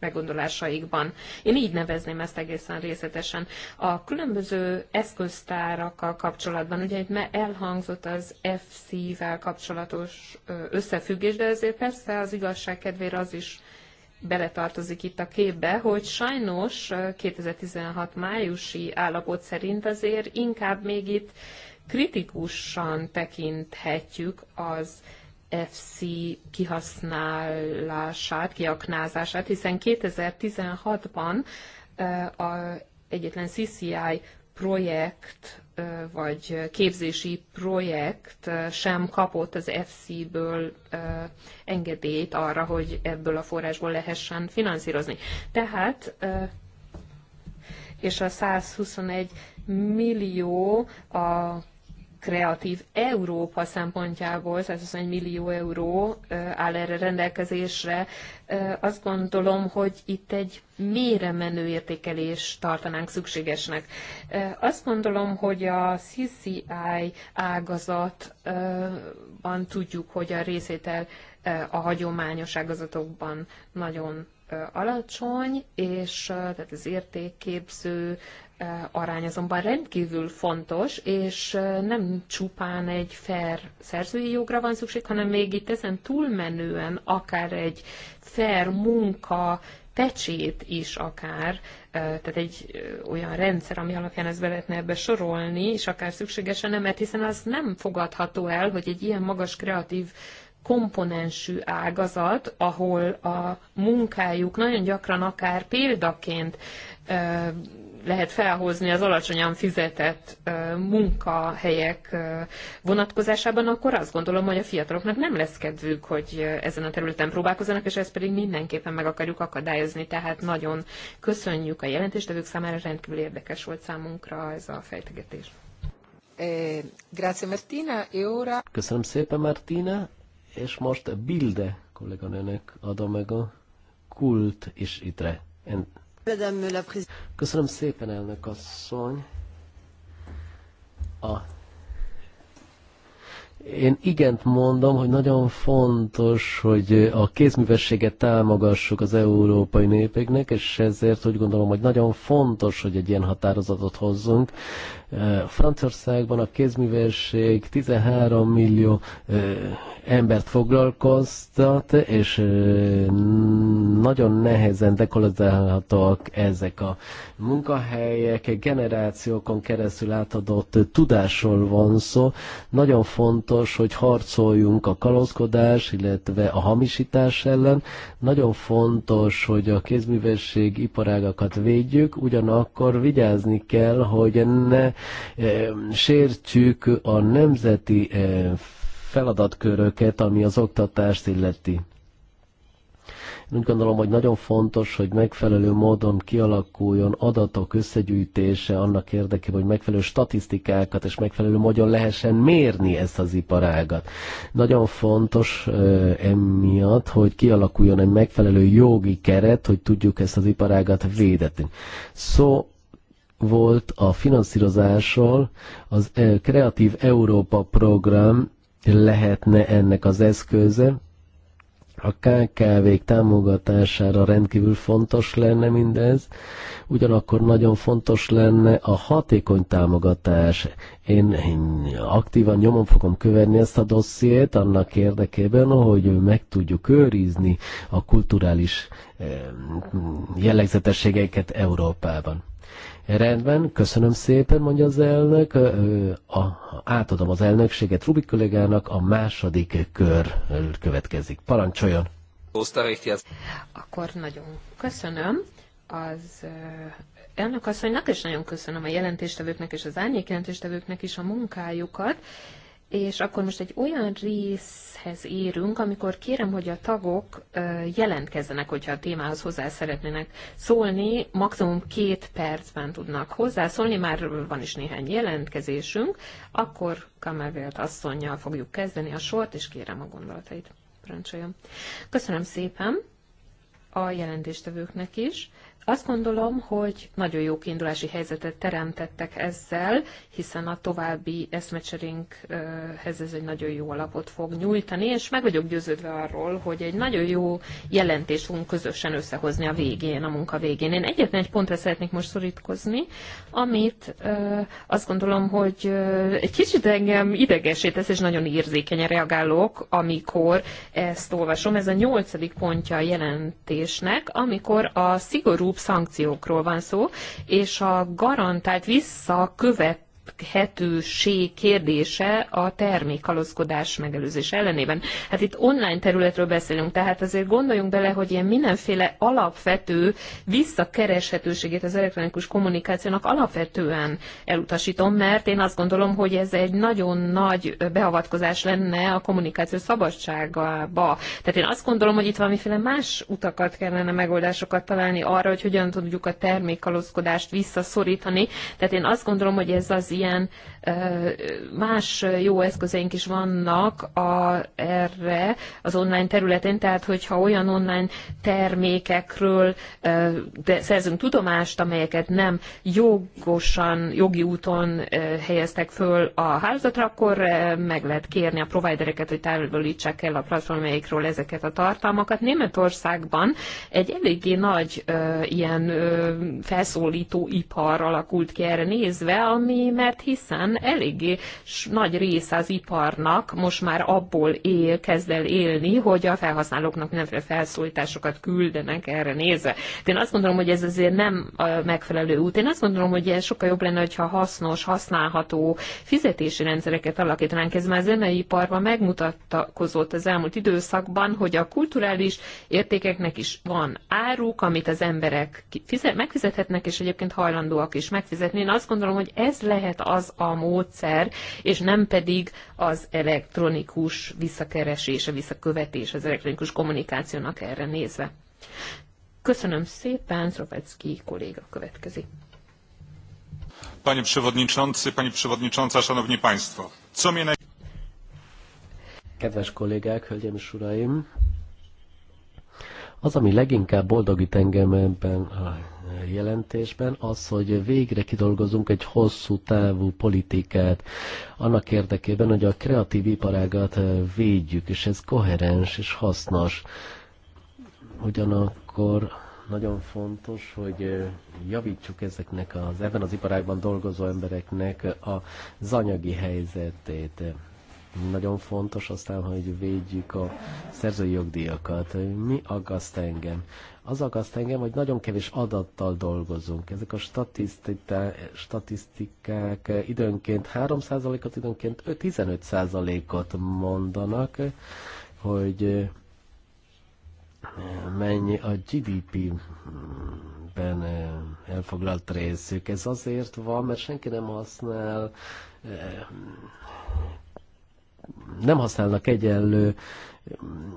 meggondolásaikban. Én így nevezném ezt egészen részletesen. A különböző eszköztárakkal kapcsolatban, ugye itt elhangzott az FC-vel kapcsolatos összefüggés, de ezért persze az igazság kedvére az is beletartozik itt a képbe, hogy sajnos 2016 májusi állapot szerint azért inkább még itt kritikusan tekinthetjük az FC kihasználását, kiaknázását, hiszen 2016-ban a egyetlen CCI projekt vagy képzési projekt sem kapott az FC-ből engedélyt arra, hogy ebből a forrásból lehessen finanszírozni. Tehát, és a 121 millió a kreatív Európa szempontjából egy millió euró áll erre rendelkezésre. Azt gondolom, hogy itt egy mélyre menő értékelés tartanánk szükségesnek. Azt gondolom, hogy a CCI ágazatban tudjuk, hogy a részétel a hagyományos ágazatokban nagyon alacsony, és tehát az értékképző arány azonban rendkívül fontos, és nem csupán egy fair szerzői jogra van szükség, hanem még itt ezen túlmenően akár egy fair munka pecsét is akár, tehát egy olyan rendszer, ami alapján ezt be lehetne ebbe sorolni, és akár szükségesen nem, mert hiszen az nem fogadható el, hogy egy ilyen magas kreatív komponensű ágazat, ahol a munkájuk nagyon gyakran akár példaként lehet felhozni az alacsonyan fizetett munkahelyek vonatkozásában, akkor azt gondolom, hogy a fiataloknak nem lesz kedvük, hogy ezen a területen próbálkozzanak, és ezt pedig mindenképpen meg akarjuk akadályozni. Tehát nagyon köszönjük a jelentéstevők számára, rendkívül érdekes volt számunkra ez a fejtegetés. Eh, grazie Martina, e ora... Köszönöm szépen Martina, és most Bilde kolléganőnek adom meg a kult is itre. En Köszönöm szépen, elnök asszony. A én igent mondom, hogy nagyon fontos, hogy a kézművességet támogassuk az európai népeknek, és ezért úgy gondolom, hogy nagyon fontos, hogy egy ilyen határozatot hozzunk. E, Franciaországban a kézművesség 13 millió e, embert foglalkoztat, és e, nagyon nehezen dekolizálhatóak ezek a munkahelyek, generációkon keresztül átadott tudásról van szó. Nagyon fontos, fontos, hogy harcoljunk a kalózkodás, illetve a hamisítás ellen. Nagyon fontos, hogy a kézművesség iparágakat védjük, ugyanakkor vigyázni kell, hogy ne e, sértsük a nemzeti e, feladatköröket, ami az oktatást illeti. Úgy gondolom, hogy nagyon fontos, hogy megfelelő módon kialakuljon adatok összegyűjtése annak érdekében, hogy megfelelő statisztikákat és megfelelő módon lehessen mérni ezt az iparágat. Nagyon fontos emiatt, hogy kialakuljon egy megfelelő jogi keret, hogy tudjuk ezt az iparágat védetni. Szó volt a finanszírozásról, az Kreatív Európa program lehetne ennek az eszköze, a KKV-k támogatására rendkívül fontos lenne mindez, ugyanakkor nagyon fontos lenne a hatékony támogatás. Én, aktívan nyomon fogom követni ezt a dossziét annak érdekében, hogy meg tudjuk őrizni a kulturális eh, jellegzetességeiket Európában. Rendben, köszönöm szépen, mondja az elnök. A, átadom az elnökséget Rubik kollégának, a második kör következik. Parancsoljon! Akkor nagyon köszönöm az elnök asszonynak, és nagyon köszönöm a jelentéstevőknek és az árnyék jelentéstevőknek is a munkájukat, és akkor most egy olyan részhez érünk, amikor kérem, hogy a tagok jelentkezzenek, hogyha a témához hozzá szeretnének szólni, maximum két percben tudnak hozzászólni, már van is néhány jelentkezésünk, akkor Kamervélt asszonynal fogjuk kezdeni a sort, és kérem a gondolatait. Parancsoljon. Köszönöm szépen a jelentéstevőknek is, azt gondolom, hogy nagyon jó kiindulási helyzetet teremtettek ezzel, hiszen a további eszmecserénkhez ez egy nagyon jó alapot fog nyújtani, és meg vagyok győződve arról, hogy egy nagyon jó jelentést fogunk közösen összehozni a végén, a munka végén. Én egyetlen egy pontra szeretnék most szorítkozni, amit azt gondolom, hogy egy kicsit engem idegesít ez és nagyon érzékenyen reagálok, amikor ezt olvasom. Ez a nyolcadik pontja a jelentésnek, amikor a szigorú szankciókról van szó, és a garantált visszakövet elérhetőség kérdése a termékalózkodás megelőzés ellenében. Hát itt online területről beszélünk, tehát azért gondoljunk bele, hogy ilyen mindenféle alapvető visszakereshetőségét az elektronikus kommunikációnak alapvetően elutasítom, mert én azt gondolom, hogy ez egy nagyon nagy beavatkozás lenne a kommunikáció szabadságába. Tehát én azt gondolom, hogy itt valamiféle más utakat kellene megoldásokat találni arra, hogy hogyan tudjuk a termékalózkodást visszaszorítani. Tehát én azt gondolom, hogy ez az ilyen más jó eszközeink is vannak a, erre az online területen, tehát hogyha olyan online termékekről de szerzünk tudomást, amelyeket nem jogosan, jogi úton helyeztek föl a hálózatra, akkor meg lehet kérni a providereket, hogy távolítsák el a platformjaikról ezeket a tartalmakat. Németországban egy eléggé nagy ilyen felszólító ipar alakult ki erre nézve, ami mert hiszen eléggé nagy része az iparnak most már abból él, kezd el élni, hogy a felhasználóknak nem felszólításokat küldenek erre nézve. De én azt gondolom, hogy ez azért nem a megfelelő út. Én azt gondolom, hogy ez sokkal jobb lenne, hogyha hasznos, használható fizetési rendszereket alakítanánk. Ez már a iparban megmutatkozott az elmúlt időszakban, hogy a kulturális értékeknek is van áruk, amit az emberek fizet, megfizethetnek, és egyébként hajlandóak is megfizetni. Én azt gondolom, hogy ez lehet lehet az a módszer, és nem pedig az elektronikus visszakeresés a visszakövetés az elektronikus kommunikációnak erre nézve. Köszönöm szépen, Szrovecki kolléga következik. Panie Przewodniczący, Pani Przewodnicząca, Szanowni Państwo, co mnie naj... Kedves kollégák, hölgyeim és uraim! Az, ami leginkább boldogít engem ebben jelentésben az, hogy végre kidolgozunk egy hosszú távú politikát annak érdekében, hogy a kreatív iparágat eh, védjük, és ez koherens és hasznos. Ugyanakkor nagyon fontos, hogy eh, javítsuk ezeknek az ebben az iparágban dolgozó embereknek az anyagi helyzetét nagyon fontos, aztán, hogy védjük a szerzői jogdíjakat. Mi aggaszt engem? Az aggaszt engem, hogy nagyon kevés adattal dolgozunk. Ezek a statisztikák időnként 3%-ot, időnként 15%-ot mondanak, hogy eh, mennyi a GDP-ben eh, elfoglalt részük. Ez azért van, mert senki nem használ eh, nem használnak egyenlő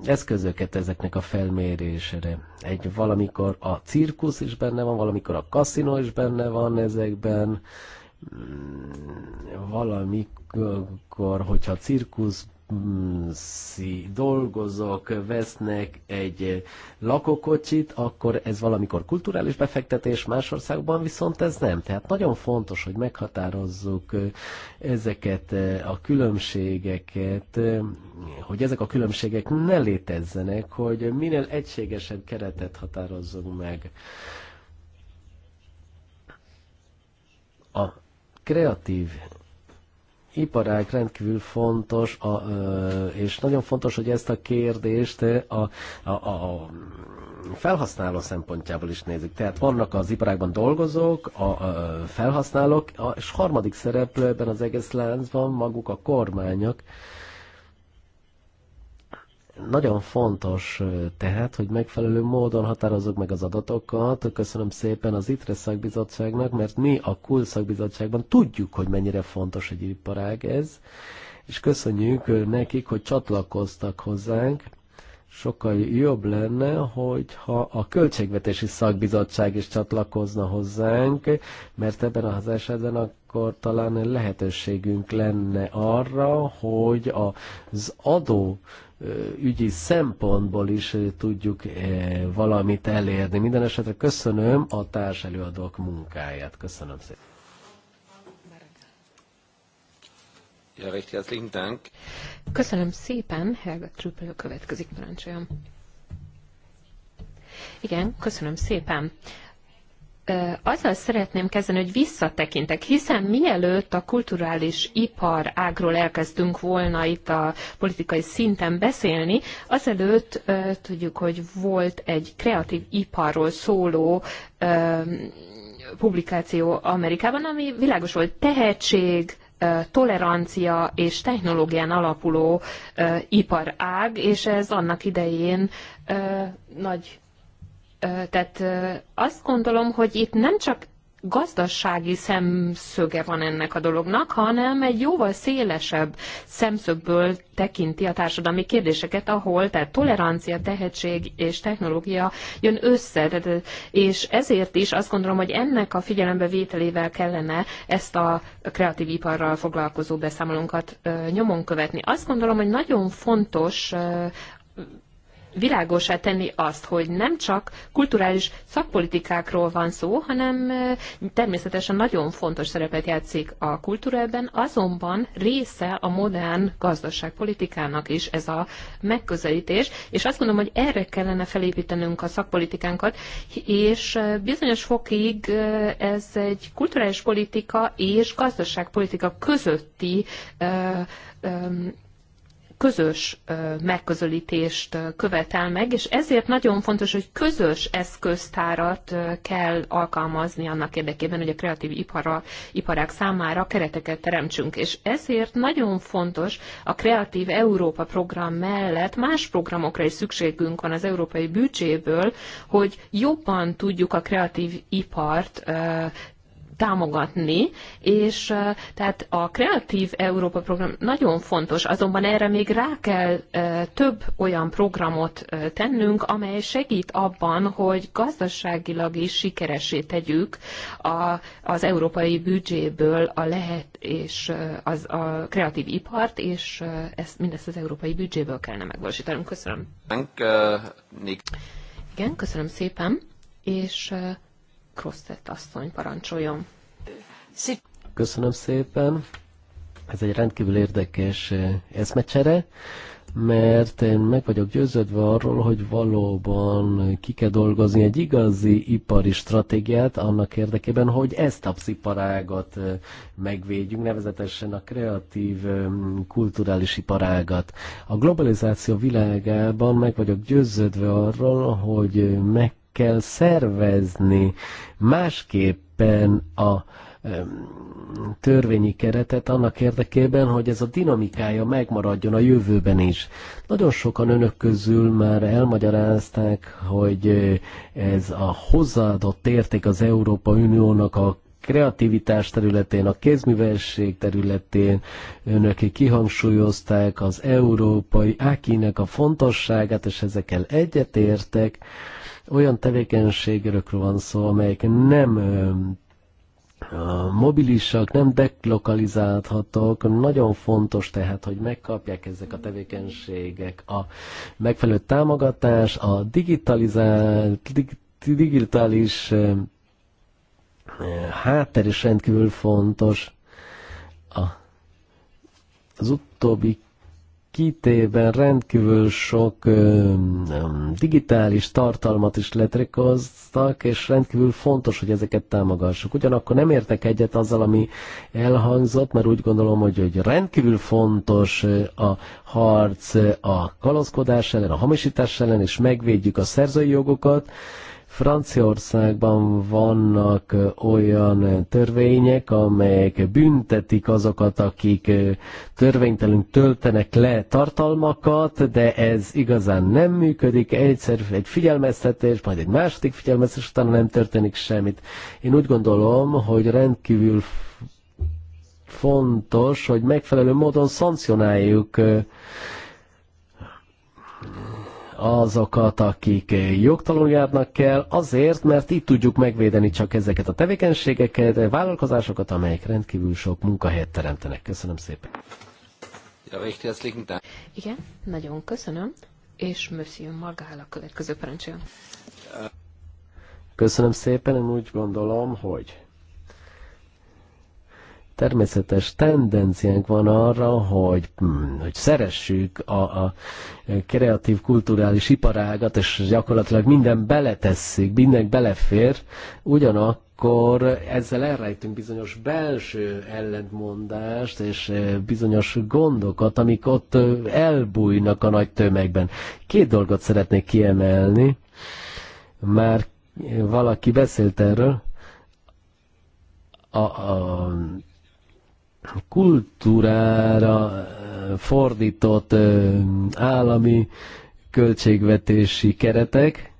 eszközöket ezeknek a felmérésére. Egy valamikor a cirkusz is benne van, valamikor a kaszinó is benne van ezekben, mm, valamikor, hogyha a cirkusz dolgozók vesznek egy lakókocsit, akkor ez valamikor kulturális befektetés, más országban viszont ez nem. Tehát nagyon fontos, hogy meghatározzuk ezeket a különbségeket, hogy ezek a különbségek ne létezzenek, hogy minél egységesen keretet határozzunk meg. A kreatív iparág rendkívül fontos, a, és nagyon fontos, hogy ezt a kérdést a, a, a felhasználó szempontjából is nézzük. Tehát vannak az iparágban dolgozók, a, a felhasználók, a, és harmadik szereplőben az egész láncban maguk a kormányok, nagyon fontos tehát, hogy megfelelő módon határozzuk meg az adatokat. Köszönöm szépen az ITRE szakbizottságnak, mert mi a KUL szakbizottságban tudjuk, hogy mennyire fontos egy iparág ez, és köszönjük nekik, hogy csatlakoztak hozzánk. Sokkal jobb lenne, hogyha a Költségvetési Szakbizottság is csatlakozna hozzánk, mert ebben az esetben a akkor talán lehetőségünk lenne arra, hogy az adó ügyi szempontból is tudjuk valamit elérni. Minden esetre köszönöm a társelőadók munkáját. Köszönöm szépen. Ja, recht herzlichen Dank. Köszönöm szépen, Helga Trüppel következik parancsoljon. Igen, köszönöm szépen azzal szeretném kezdeni, hogy visszatekintek, hiszen mielőtt a kulturális ipar ágról elkezdtünk volna itt a politikai szinten beszélni, azelőtt tudjuk, hogy volt egy kreatív iparról szóló publikáció Amerikában, ami világos volt tehetség, tolerancia és technológián alapuló iparág, és ez annak idején nagy tehát azt gondolom, hogy itt nem csak gazdasági szemszöge van ennek a dolognak, hanem egy jóval szélesebb szemszögből tekinti a társadalmi kérdéseket, ahol tehát tolerancia, tehetség és technológia jön össze, tehát, és ezért is azt gondolom, hogy ennek a vételével kellene ezt a kreatív iparral foglalkozó beszámolónkat nyomon követni. Azt gondolom, hogy nagyon fontos világosá tenni azt, hogy nem csak kulturális szakpolitikákról van szó, hanem természetesen nagyon fontos szerepet játszik a kultúra ebben, azonban része a modern gazdaságpolitikának is ez a megközelítés, és azt gondolom, hogy erre kellene felépítenünk a szakpolitikánkat, és bizonyos fokig ez egy kulturális politika és gazdaságpolitika közötti közös megközelítést követel meg, és ezért nagyon fontos, hogy közös eszköztárat kell alkalmazni annak érdekében, hogy a kreatív ipara, iparák számára kereteket teremtsünk. És ezért nagyon fontos a Kreatív Európa program mellett más programokra is szükségünk van az európai bűcséből, hogy jobban tudjuk a kreatív ipart támogatni, és tehát a Kreatív Európa program nagyon fontos, azonban erre még rá kell több olyan programot tennünk, amely segít abban, hogy gazdaságilag is sikeresé tegyük a, az európai büdzséből a lehet és az a kreatív ipart, és ezt mindezt az európai büdzséből kellene megvalósítanunk. Köszönöm. Uh, Igen, köszönöm szépen, és Krosztett asszony, parancsoljon. Köszönöm szépen. Ez egy rendkívül érdekes eh, eszmecsere, mert én meg vagyok győződve arról, hogy valóban ki kell dolgozni egy igazi ipari stratégiát annak érdekében, hogy ezt a psziparágat eh, megvédjünk, nevezetesen a kreatív eh, kulturális iparágat. A globalizáció világában meg vagyok győződve arról, hogy meg kell szervezni másképpen a törvényi keretet annak érdekében, hogy ez a dinamikája megmaradjon a jövőben is. Nagyon sokan önök közül már elmagyarázták, hogy ez a hozzáadott érték az Európa Uniónak a kreativitás területén, a kézművesség területén önök kihangsúlyozták az európai ákinek a fontosságát, és ezekkel egyetértek olyan tevékenységekről van szó, amelyek nem mobilisak, nem deklokalizálhatók, nagyon fontos tehát, hogy megkapják ezek a tevékenységek a megfelelő támogatás, a digitalizált, digitális hátter is rendkívül fontos. A, az utóbbi kitében rendkívül sok ö, digitális tartalmat is letrikoztak, és rendkívül fontos, hogy ezeket támogassuk. Ugyanakkor nem értek egyet azzal, ami elhangzott, mert úgy gondolom, hogy, hogy rendkívül fontos a harc a kalózkodás ellen, a hamisítás ellen, és megvédjük a szerzői jogokat, Franciaországban vannak olyan törvények, amelyek büntetik azokat, akik törvénytelenül töltenek le tartalmakat, de ez igazán nem működik. Egyszer egy figyelmeztetés, majd egy második figyelmeztetés, utána nem történik semmit. Én úgy gondolom, hogy rendkívül fontos, hogy megfelelő módon szankcionáljuk azokat, akik jogtalanul járnak kell, azért, mert itt tudjuk megvédeni csak ezeket a tevékenységeket, vállalkozásokat, amelyek rendkívül sok munkahelyet teremtenek. Köszönöm szépen. Igen, nagyon köszönöm, és Monsieur Margál a következő parancsoljon. Köszönöm szépen, én úgy gondolom, hogy természetes tendenciánk van arra, hogy, hm, hogy szeressük a, a kreatív kulturális iparágat, és gyakorlatilag minden beletesszük, minden belefér, ugyanakkor akkor ezzel elrejtünk bizonyos belső ellentmondást és eh, bizonyos gondokat, amik ott eh, elbújnak a nagy tömegben. Két dolgot szeretnék kiemelni. Már valaki beszélt erről. A, a kultúrára fordított állami költségvetési keretek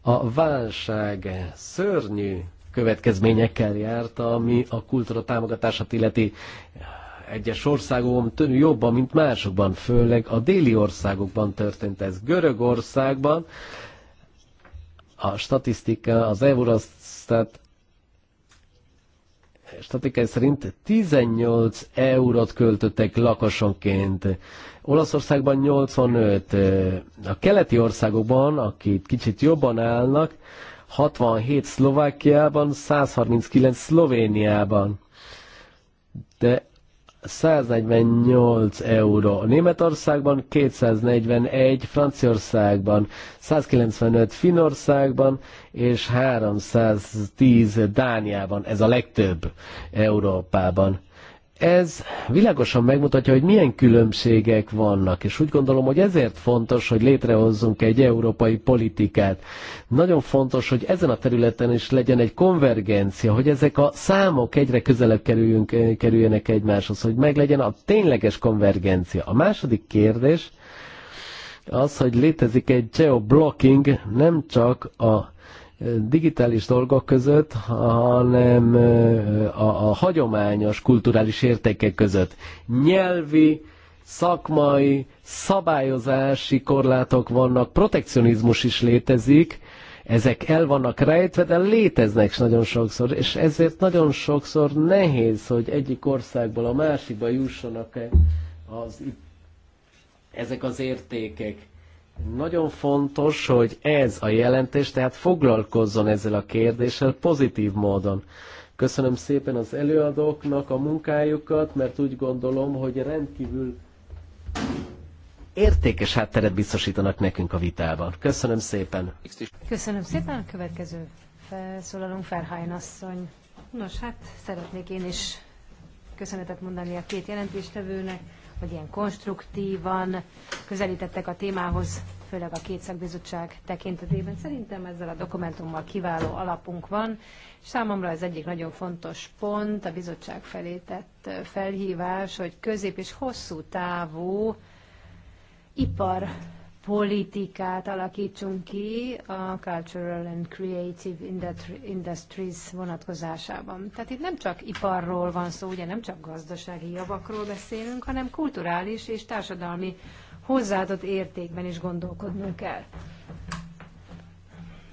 a válság szörnyű következményekkel járt, ami a kultúra támogatását illeti egyes országokban több jobban, mint másokban, főleg a déli országokban történt ez. Görögországban a statisztika, az Eurostat statikai szerint 18 eurót költöttek lakosonként. Olaszországban 85, a keleti országokban, akik kicsit jobban állnak, 67 Szlovákiában, 139 Szlovéniában. De 148 euró. Németországban 241, Franciaországban 195, Finországban és 310 Dániában. Ez a legtöbb Európában ez világosan megmutatja, hogy milyen különbségek vannak, és úgy gondolom, hogy ezért fontos, hogy létrehozzunk egy európai politikát. Nagyon fontos, hogy ezen a területen is legyen egy konvergencia, hogy ezek a számok egyre közelebb kerüljünk, eh, kerüljenek egymáshoz, hogy meglegyen a tényleges konvergencia. A második kérdés az, hogy létezik egy geoblocking nem csak a digitális dolgok között, hanem a, a hagyományos kulturális értékek között. Nyelvi, szakmai, szabályozási korlátok vannak, protekcionizmus is létezik, ezek el vannak rejtve, de léteznek is nagyon sokszor, és ezért nagyon sokszor nehéz, hogy egyik országból a másikba jussanak -e az, ezek az értékek. Nagyon fontos, hogy ez a jelentés, tehát foglalkozzon ezzel a kérdéssel pozitív módon. Köszönöm szépen az előadóknak a munkájukat, mert úgy gondolom, hogy rendkívül értékes hátteret biztosítanak nekünk a vitában. Köszönöm szépen. Köszönöm szépen. A következő felszólalunk Ferhajn asszony. Nos, hát szeretnék én is köszönetet mondani a két jelentéstevőnek hogy ilyen konstruktívan közelítettek a témához, főleg a két szakbizottság tekintetében. Szerintem ezzel a dokumentummal kiváló alapunk van. Számomra ez egyik nagyon fontos pont, a bizottság felé tett felhívás, hogy közép és hosszú távú ipar politikát alakítsunk ki a Cultural and Creative Industries vonatkozásában. Tehát itt nem csak iparról van szó, ugye nem csak gazdasági javakról beszélünk, hanem kulturális és társadalmi hozzáadott értékben is gondolkodnunk kell.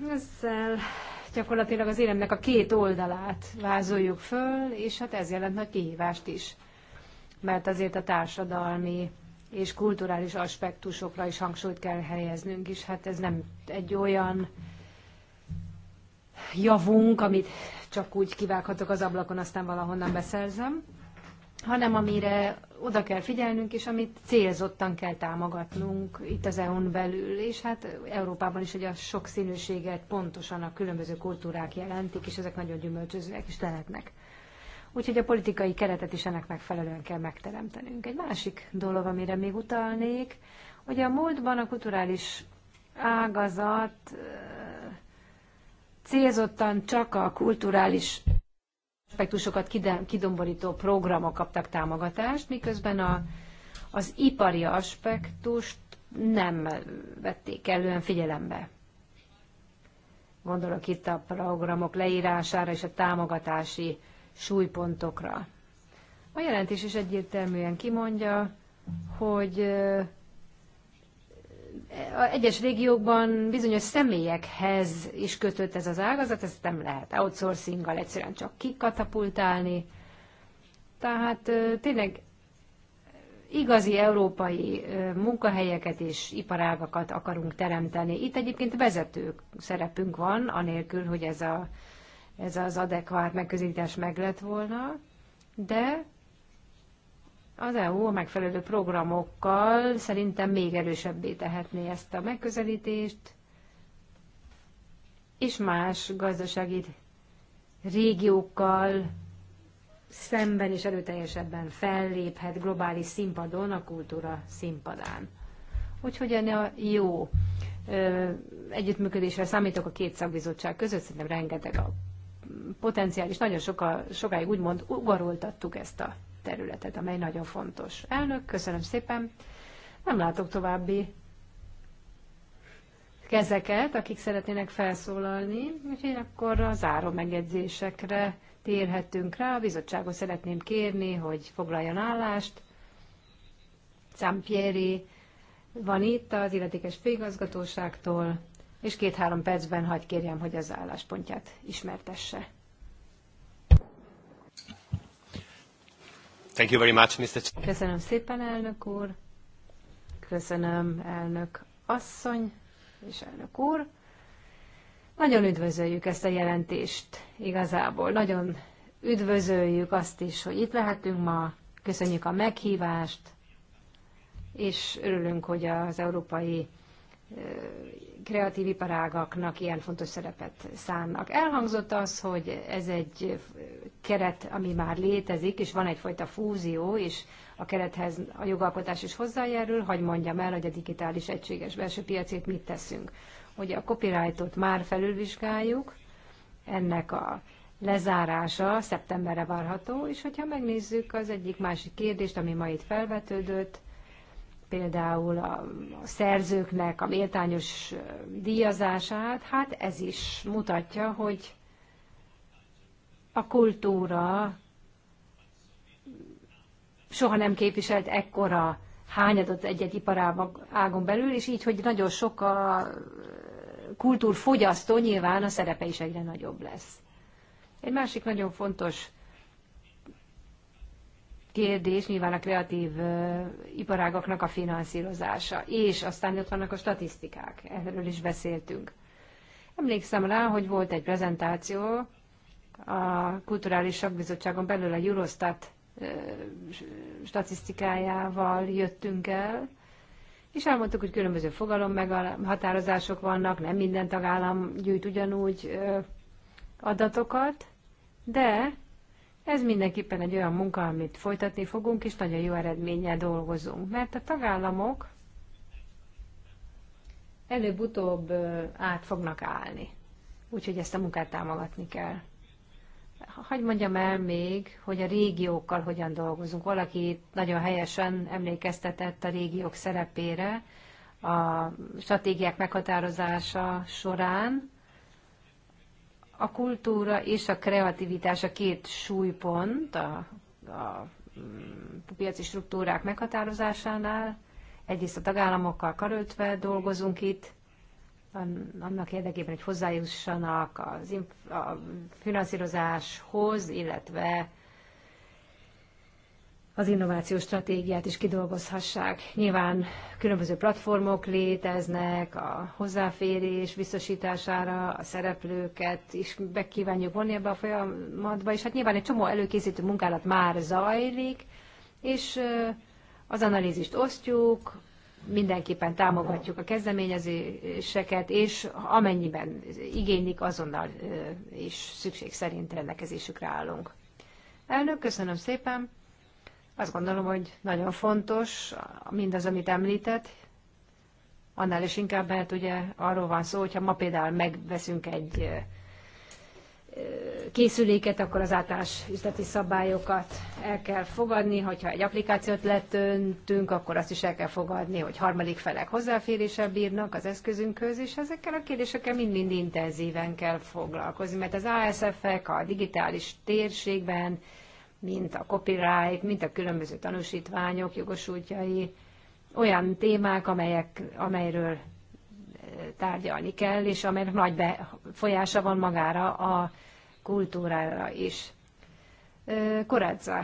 Ezzel gyakorlatilag az élemnek a két oldalát vázoljuk föl, és hát ez jelent nagy kihívást is. Mert azért a társadalmi és kulturális aspektusokra is hangsúlyt kell helyeznünk, és hát ez nem egy olyan javunk, amit csak úgy kivághatok az ablakon, aztán valahonnan beszerzem, hanem amire oda kell figyelnünk, és amit célzottan kell támogatnunk itt az EU-n belül, és hát Európában is hogy a sokszínűséget pontosan a különböző kultúrák jelentik, és ezek nagyon gyümölcsözőek is lehetnek. Úgyhogy a politikai keretet is ennek megfelelően kell megteremtenünk. Egy másik dolog, amire még utalnék, hogy a múltban a kulturális ágazat célzottan csak a kulturális aspektusokat kidomborító programok kaptak támogatást, miközben a, az ipari aspektust nem vették elően figyelembe. Gondolok itt a programok leírására és a támogatási súlypontokra. A jelentés is egyértelműen kimondja, hogy egyes régiókban bizonyos személyekhez is kötött ez az ágazat, ezt nem lehet outsourcinggal egyszerűen csak kikatapultálni. Tehát tényleg igazi európai munkahelyeket és iparágakat akarunk teremteni. Itt egyébként vezetők szerepünk van, anélkül, hogy ez a ez az adekvát megközelítés meg lett volna, de az EU megfelelő programokkal szerintem még erősebbé tehetné ezt a megközelítést, és más gazdasági régiókkal szemben is erőteljesebben felléphet globális színpadon, a kultúra színpadán. Úgyhogy a jó együttműködésre számítok a két szakbizottság között, szerintem rengeteg a potenciális, nagyon soka, sokáig úgymond ugaroltattuk ezt a területet, amely nagyon fontos. Elnök, köszönöm szépen. Nem látok további kezeket, akik szeretnének felszólalni, úgyhogy akkor a záró megjegyzésekre térhetünk rá. A bizottságot szeretném kérni, hogy foglaljon állást. Campieri van itt az illetékes főigazgatóságtól, és két-három percben hagy kérjem, hogy az álláspontját ismertesse. Thank you very much, Mr. Köszönöm szépen, elnök úr. Köszönöm, elnök asszony és elnök úr. Nagyon üdvözöljük ezt a jelentést igazából. Nagyon üdvözöljük azt is, hogy itt lehetünk ma. Köszönjük a meghívást, és örülünk, hogy az Európai kreatív iparágaknak ilyen fontos szerepet szánnak. Elhangzott az, hogy ez egy keret, ami már létezik, és van egyfajta fúzió, és a kerethez a jogalkotás is hozzájárul, hogy mondjam el, hogy a digitális egységes belső piacét mit teszünk. Hogy a copyrightot már felülvizsgáljuk, ennek a lezárása szeptemberre várható, és hogyha megnézzük az egyik másik kérdést, ami ma itt felvetődött, például a, szerzőknek a méltányos díjazását, hát ez is mutatja, hogy a kultúra soha nem képviselt ekkora hányadot egy-egy iparág ágon belül, és így, hogy nagyon sok a kultúrfogyasztó, nyilván a szerepe is egyre nagyobb lesz. Egy másik nagyon fontos kérdés nyilván a kreatív iparágaknak a finanszírozása. És aztán ott vannak a statisztikák, erről is beszéltünk. Emlékszem rá, hogy volt egy prezentáció a Kulturális Szakbizottságon belül a Eurostat statisztikájával jöttünk el, és elmondtuk, hogy különböző fogalom meghatározások vannak, nem minden tagállam gyűjt ugyanúgy adatokat, de ez mindenképpen egy olyan munka, amit folytatni fogunk, és nagyon jó eredménnyel dolgozunk, mert a tagállamok előbb-utóbb át fognak állni. Úgyhogy ezt a munkát támogatni kell. Hagy mondjam el még, hogy a régiókkal hogyan dolgozunk. Valaki nagyon helyesen emlékeztetett a régiók szerepére a stratégiák meghatározása során, a kultúra és a kreativitás a két súlypont a, a mm, piaci struktúrák meghatározásánál. Egyrészt a tagállamokkal karöltve dolgozunk itt, annak érdekében, hogy hozzájussanak az a finanszírozáshoz, illetve az innovációs stratégiát is kidolgozhassák. Nyilván különböző platformok léteznek a hozzáférés biztosítására, a szereplőket is megkívánjuk vonni ebbe a folyamatba, és hát nyilván egy csomó előkészítő munkálat már zajlik, és az analízist osztjuk, mindenképpen támogatjuk a kezdeményezéseket, és amennyiben igénylik, azonnal és szükség szerint rendelkezésükre állunk. Elnök, köszönöm szépen! Azt gondolom, hogy nagyon fontos mindaz, amit említett, annál is inkább, mert hát ugye arról van szó, hogyha ma például megveszünk egy készüléket, akkor az általános üzleti szabályokat el kell fogadni, hogyha egy applikációt letöntünk, akkor azt is el kell fogadni, hogy harmadik felek hozzáféréssel bírnak az eszközünkhöz, és ezekkel a kérdésekkel mind-mind intenzíven kell foglalkozni, mert az ASF-ek a digitális térségben mint a copyright, mint a különböző tanúsítványok jogosultjai, olyan témák, amelyek, amelyről tárgyalni kell, és amelynek nagy befolyása van magára a kultúrára is. Koradza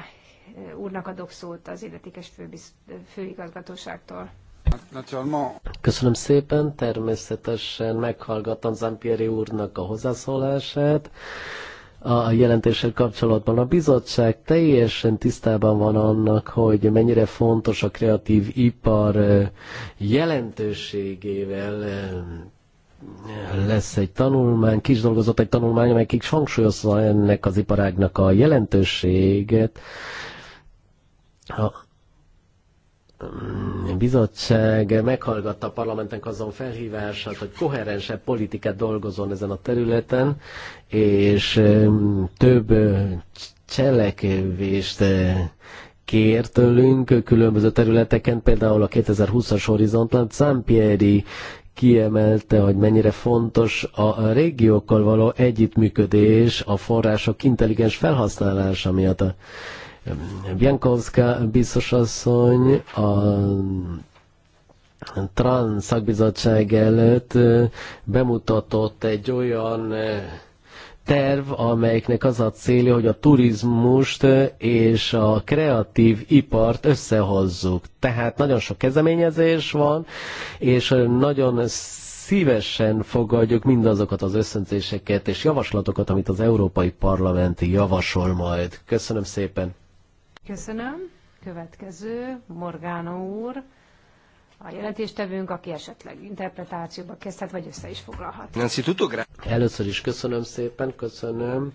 úrnak adok szót az illetékes főigazgatóságtól. Köszönöm szépen, természetesen meghallgattam Zampieri úrnak a hozzászólását a jelentéssel kapcsolatban. A bizottság teljesen tisztában van annak, hogy mennyire fontos a kreatív ipar jelentőségével lesz egy tanulmány, kis dolgozott egy tanulmány, amely kis hangsúlyozza ennek az iparágnak a jelentőséget. A bizottság meghallgatta a parlamentnek azon felhívását, hogy koherensebb politikát dolgozon ezen a területen, és több cselekvést kér tőlünk különböző területeken, például a 2020-as horizontlan Zampieri kiemelte, hogy mennyire fontos a régiókkal való együttműködés, a források intelligens felhasználása miatt. Biankowska asszony a Trans szakbizottság előtt bemutatott egy olyan terv, amelyiknek az a célja, hogy a turizmust és a kreatív ipart összehozzuk. Tehát nagyon sok kezeményezés van, és nagyon szívesen fogadjuk mindazokat az összöntéseket és javaslatokat, amit az Európai Parlamenti javasol majd. Köszönöm szépen! Köszönöm. Következő, Morgánó úr, a jelentéstevőnk, aki esetleg interpretációba kezdhet, vagy össze is foglalhat. Először is köszönöm szépen, köszönöm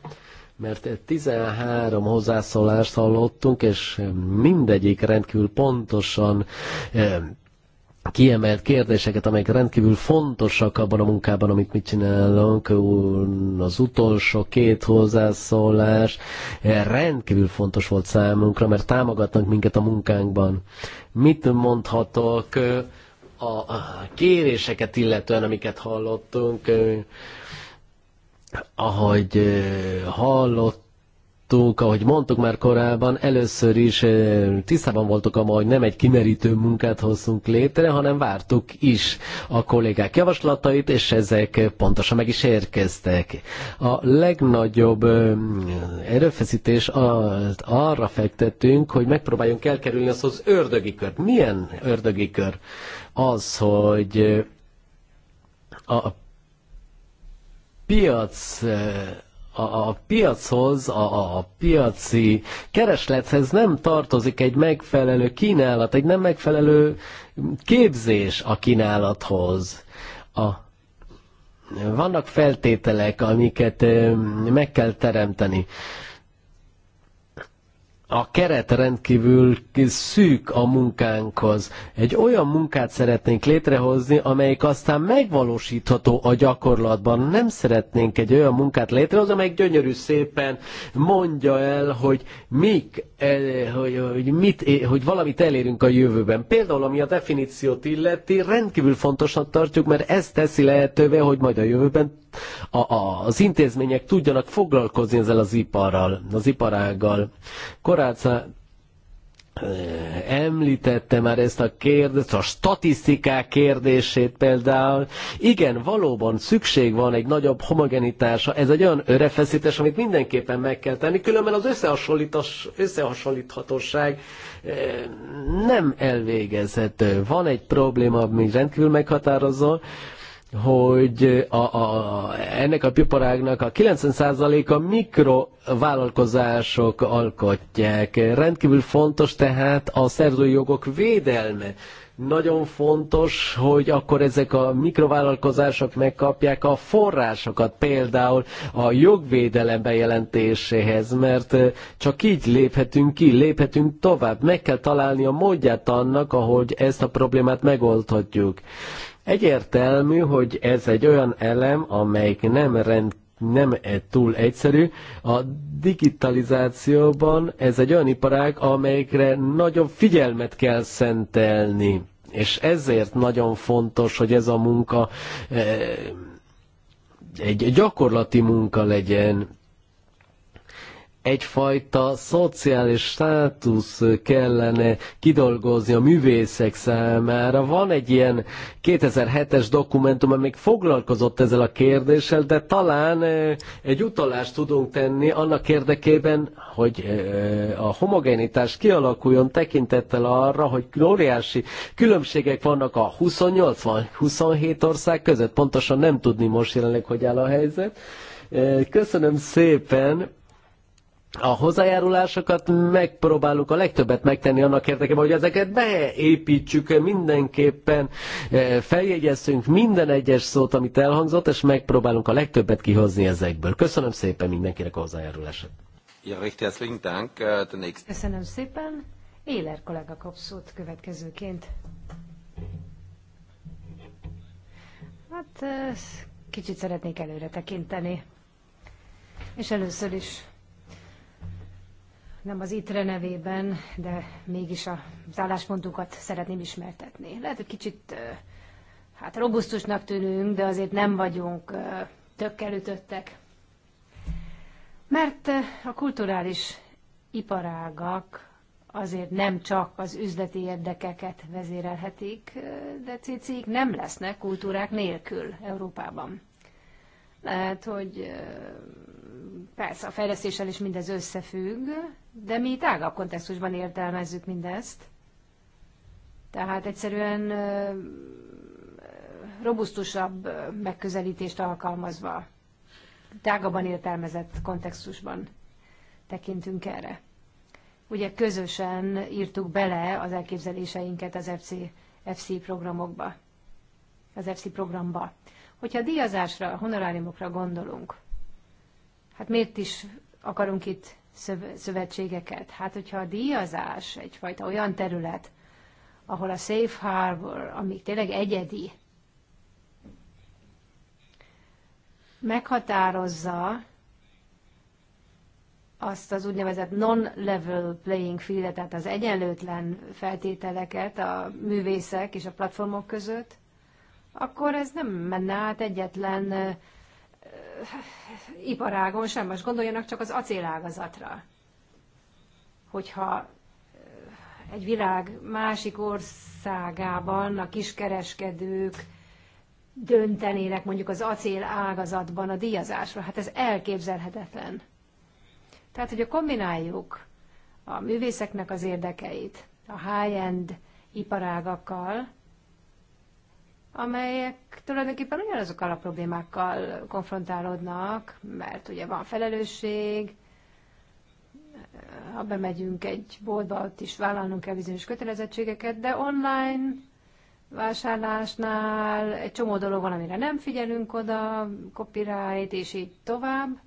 mert 13 hozzászólást hallottunk, és mindegyik rendkívül pontosan eh, kiemelt kérdéseket, amelyek rendkívül fontosak abban a munkában, amit mi csinálunk. Az utolsó két hozzászólás eh, rendkívül fontos volt számunkra, mert támogatnak minket a munkánkban. Mit mondhatok eh, a kéréseket illetően, amiket hallottunk? Eh, ahogy hallott láttuk, ahogy mondtuk már korábban, először is tisztában voltok a, hogy nem egy kimerítő munkát hozzunk létre, hanem vártuk is a kollégák javaslatait, és ezek pontosan meg is érkeztek. A legnagyobb erőfeszítés arra fektettünk, hogy megpróbáljunk elkerülni azt az ördögi kört. Milyen ördögi kör? Az, hogy a piac a, a piachoz, a, a piaci kereslethez nem tartozik egy megfelelő kínálat, egy nem megfelelő képzés a kínálathoz. A, vannak feltételek, amiket meg kell teremteni a keret rendkívül szűk a munkánkhoz. Egy olyan munkát szeretnénk létrehozni, amelyik aztán megvalósítható a gyakorlatban. Nem szeretnénk egy olyan munkát létrehozni, amelyik gyönyörű szépen mondja el, hogy, mik, e, hogy, hogy, mit, hogy valamit elérünk a jövőben. Például, ami a definíciót illeti, rendkívül fontosnak tartjuk, mert ez teszi lehetővé, hogy majd a jövőben a, a, az intézmények tudjanak foglalkozni ezzel az iparral, az iparággal. Koráca eh, említette már ezt a kérdést, a statisztikák kérdését például. Igen, valóban szükség van egy nagyobb homogenitása, ez egy olyan örefeszítés, amit mindenképpen meg kell tenni, különben az összehasonlíthatóság eh, nem elvégezhető. Van egy probléma, ami rendkívül meghatározó, hogy a, a, ennek a piparágnak a 90%-a mikrovállalkozások alkotják. Rendkívül fontos tehát a szerzői jogok védelme. Nagyon fontos, hogy akkor ezek a mikrovállalkozások megkapják a forrásokat, például a jogvédelem bejelentéséhez, mert csak így léphetünk ki, léphetünk tovább. Meg kell találni a módját annak, ahogy ezt a problémát megoldhatjuk. Egyértelmű, hogy ez egy olyan elem, amelyik nem rend nem e túl egyszerű. A digitalizációban ez egy olyan iparág, amelyikre nagyon figyelmet kell szentelni. És ezért nagyon fontos, hogy ez a munka eh, egy gyakorlati munka legyen egyfajta szociális státusz kellene kidolgozni a művészek számára. Van egy ilyen 2007-es dokumentum, amely foglalkozott ezzel a kérdéssel, de talán egy utalást tudunk tenni annak érdekében, hogy a homogenitás kialakuljon tekintettel arra, hogy óriási különbségek vannak a 28-27 ország között. Pontosan nem tudni most jelenleg, hogy áll a helyzet. Köszönöm szépen! a hozzájárulásokat megpróbálunk a legtöbbet megtenni annak érdekében, hogy ezeket beépítsük, mindenképpen eh, feljegyezzünk minden egyes szót, amit elhangzott, és megpróbálunk a legtöbbet kihozni ezekből. Köszönöm szépen mindenkinek a hozzájárulását. Ja, eh, Köszönöm szépen. Éler kollega kap szót következőként. Hát eh, kicsit szeretnék előre tekinteni. És először is nem az ITRE nevében, de mégis a álláspontunkat szeretném ismertetni. Lehet, hogy kicsit hát robusztusnak tűnünk, de azért nem vagyunk ütöttek. Mert a kulturális iparágak azért nem csak az üzleti érdekeket vezérelhetik, de cicik nem lesznek kultúrák nélkül Európában. Lehet, hogy persze a fejlesztéssel is mindez összefügg, de mi tágabb kontextusban értelmezzük mindezt. Tehát egyszerűen robusztusabb megközelítést alkalmazva, tágabban értelmezett kontextusban tekintünk erre. Ugye közösen írtuk bele az elképzeléseinket az FC, FC programokba, az FC programba. Hogyha a díjazásra, honoráriumokra gondolunk, Hát miért is akarunk itt szövetségeket? Hát, hogyha a díjazás egyfajta olyan terület, ahol a safe harbor, amik tényleg egyedi, meghatározza azt az úgynevezett non-level playing fieldet, tehát az egyenlőtlen feltételeket a művészek és a platformok között, akkor ez nem menne át egyetlen iparágon sem, most gondoljanak csak az acélágazatra. Hogyha eh, egy világ másik országában a kiskereskedők döntenének mondjuk az acél ágazatban a díjazásra, hát ez elképzelhetetlen. Tehát, hogyha kombináljuk a művészeknek az érdekeit a high-end iparágakkal, amelyek tulajdonképpen ugyanazokkal a problémákkal konfrontálódnak, mert ugye van felelősség, ha bemegyünk egy boltba, ott is vállalnunk kell bizonyos kötelezettségeket, de online vásárlásnál egy csomó dolog van, amire nem figyelünk oda, copyright és így tovább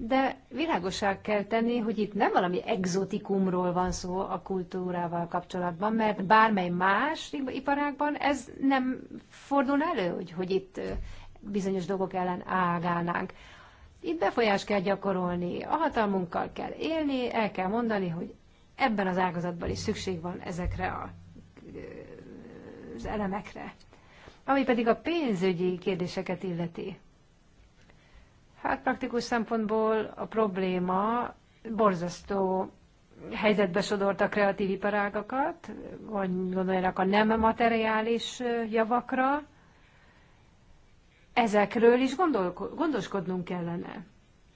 de világosá kell tenni, hogy itt nem valami exotikumról van szó a kultúrával kapcsolatban, mert bármely más iparágban ez nem fordul elő, hogy, hogy itt bizonyos dolgok ellen ágálnánk. Itt befolyás kell gyakorolni, a hatalmunkkal kell élni, el kell mondani, hogy ebben az ágazatban is szükség van ezekre a, az elemekre. Ami pedig a pénzügyi kérdéseket illeti. Hát praktikus szempontból a probléma borzasztó helyzetbe sodort a kreatív iparágakat, vagy gondoljanak a nem materiális javakra. Ezekről is gondol, gondoskodnunk kellene.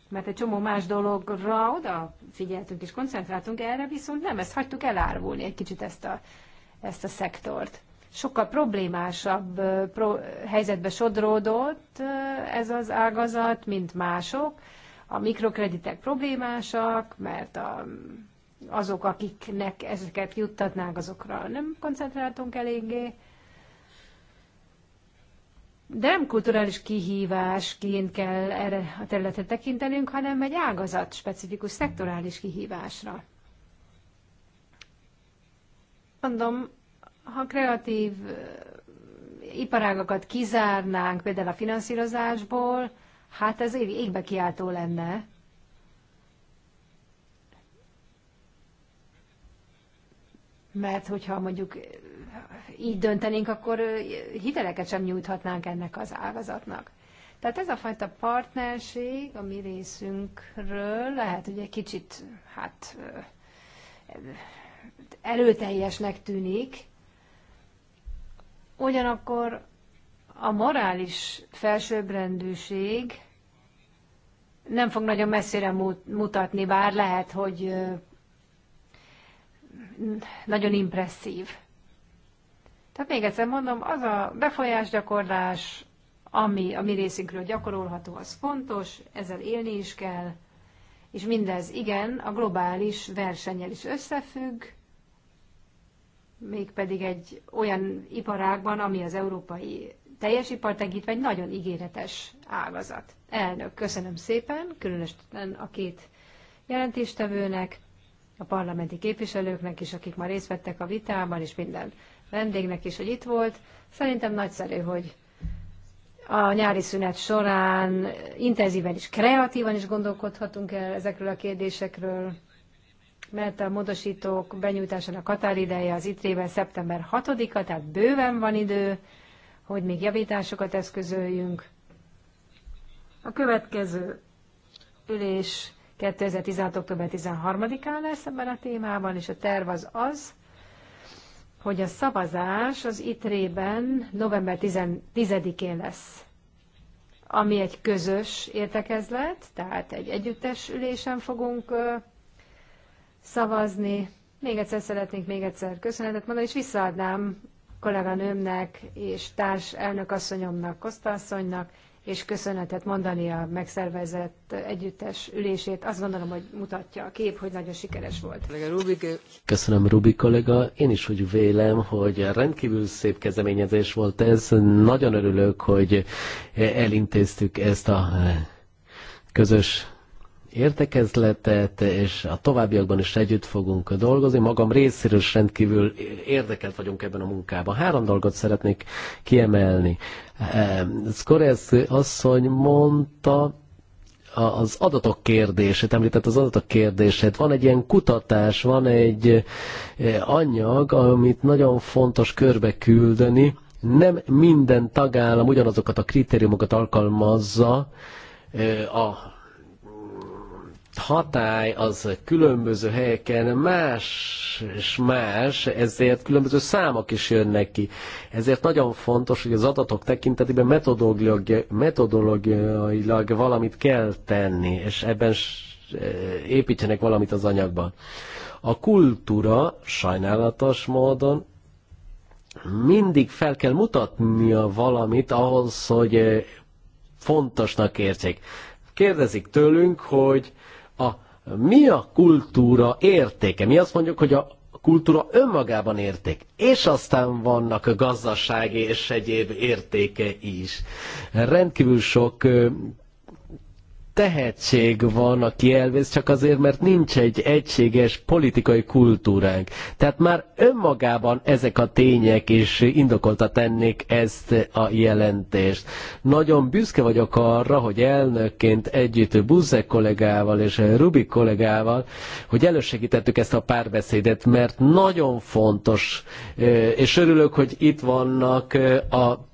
Mert egy csomó más dologra oda figyeltünk és koncentráltunk erre, viszont nem, ezt hagytuk elárulni egy kicsit ezt a, ezt a szektort sokkal problémásabb pro, helyzetbe sodródott ez az ágazat, mint mások. A mikrokreditek problémásak, mert a, azok, akiknek ezeket juttatnák, azokra nem koncentráltunk eléggé. De nem kulturális kihívásként kell erre a területet tekintenünk, hanem egy ágazat specifikus szektorális kihívásra. Mondom, ha kreatív iparágakat kizárnánk például a finanszírozásból, hát ez égbe kiáltó lenne. Mert hogyha mondjuk így döntenénk, akkor hiteleket sem nyújthatnánk ennek az ágazatnak. Tehát ez a fajta partnerség a mi részünkről lehet, hogy egy kicsit hát erőteljesnek tűnik, Ugyanakkor a morális felsőbbrendűség nem fog nagyon messzire mutatni, bár lehet, hogy nagyon impresszív. Tehát még egyszer mondom, az a befolyásgyakorlás, ami a mi részünkről gyakorolható, az fontos, ezzel élni is kell, és mindez igen, a globális versennyel is összefügg, mégpedig egy olyan iparágban, ami az európai teljes ipartegítve egy nagyon ígéretes ágazat. Elnök, köszönöm szépen, különösen a két jelentéstevőnek, a parlamenti képviselőknek is, akik már részt vettek a vitában, és minden vendégnek is, hogy itt volt. Szerintem nagyszerű, hogy a nyári szünet során intenzíven és kreatívan is gondolkodhatunk el ezekről a kérdésekről, mert a módosítók benyújtásának határideje az ITRE-ben szeptember 6-a, tehát bőven van idő, hogy még javításokat eszközöljünk. A következő ülés 2016. október 13-án lesz ebben a témában, és a terv az az, hogy a szavazás az ITRE-ben november 10-én lesz, ami egy közös értekezlet, tehát egy együttes ülésen fogunk szavazni. Még egyszer szeretnék még egyszer köszönetet mondani, és visszaadnám kolléganőmnek és társ elnök asszonyomnak, Koszta asszonynak, és köszönetet mondani a megszervezett együttes ülését. Azt gondolom, hogy mutatja a kép, hogy nagyon sikeres volt. Köszönöm, Rubik kollega. Én is úgy vélem, hogy rendkívül szép kezdeményezés volt ez. Nagyon örülök, hogy elintéztük ezt a eh, közös értekezletet, és a továbbiakban is együtt fogunk dolgozni. Magam részéről rendkívül érdekelt vagyunk ebben a munkában. Három dolgot szeretnék kiemelni. Skoresz asszony mondta, az adatok kérdését, említett az adatok kérdését. Van egy ilyen kutatás, van egy eh, anyag, amit nagyon fontos körbe küldeni. Nem minden tagállam ugyanazokat a kritériumokat alkalmazza, eh, a hatály az különböző helyeken más és más, ezért különböző számok is jönnek ki. Ezért nagyon fontos, hogy az adatok tekintetében metodológiai, metodológiailag valamit kell tenni, és ebben eh, építsenek valamit az anyagban. A kultúra sajnálatos módon mindig fel kell mutatnia valamit ahhoz, hogy eh, fontosnak értsék. Kérdezik tőlünk, hogy mi a kultúra értéke? Mi azt mondjuk, hogy a kultúra önmagában érték, és aztán vannak a gazdasági és egyéb értéke is. Rendkívül sok tehetség van, aki elvész, csak azért, mert nincs egy egységes politikai kultúránk. Tehát már önmagában ezek a tények is indokolta tennék ezt a jelentést. Nagyon büszke vagyok arra, hogy elnökként együtt Buzek kollégával és Rubik kollégával, hogy elősegítettük ezt a párbeszédet, mert nagyon fontos, és örülök, hogy itt vannak a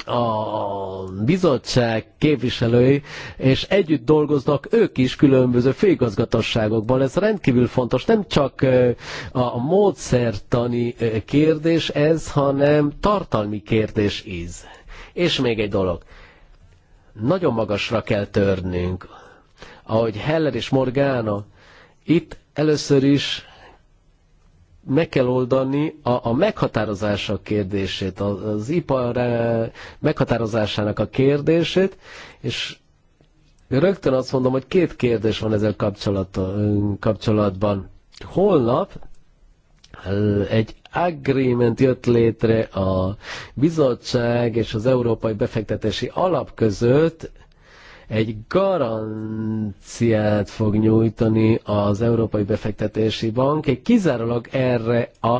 a bizottság képviselői, és együtt dolgoznak ők is különböző főigazgatosságokban. Ez rendkívül fontos, nem csak a módszertani kérdés ez, hanem tartalmi kérdés is. És még egy dolog. Nagyon magasra kell törnünk. Ahogy Heller és Morgana, itt először is meg kell oldani a, a meghatározása kérdését, az, az ipar eh, meghatározásának a kérdését, és rögtön azt mondom, hogy két kérdés van ezzel kapcsolatban. Holnap eh, egy agreement jött létre a bizottság és az Európai Befektetési Alap között, egy garanciát fog nyújtani az Európai Befektetési Bank, egy kizárólag erre a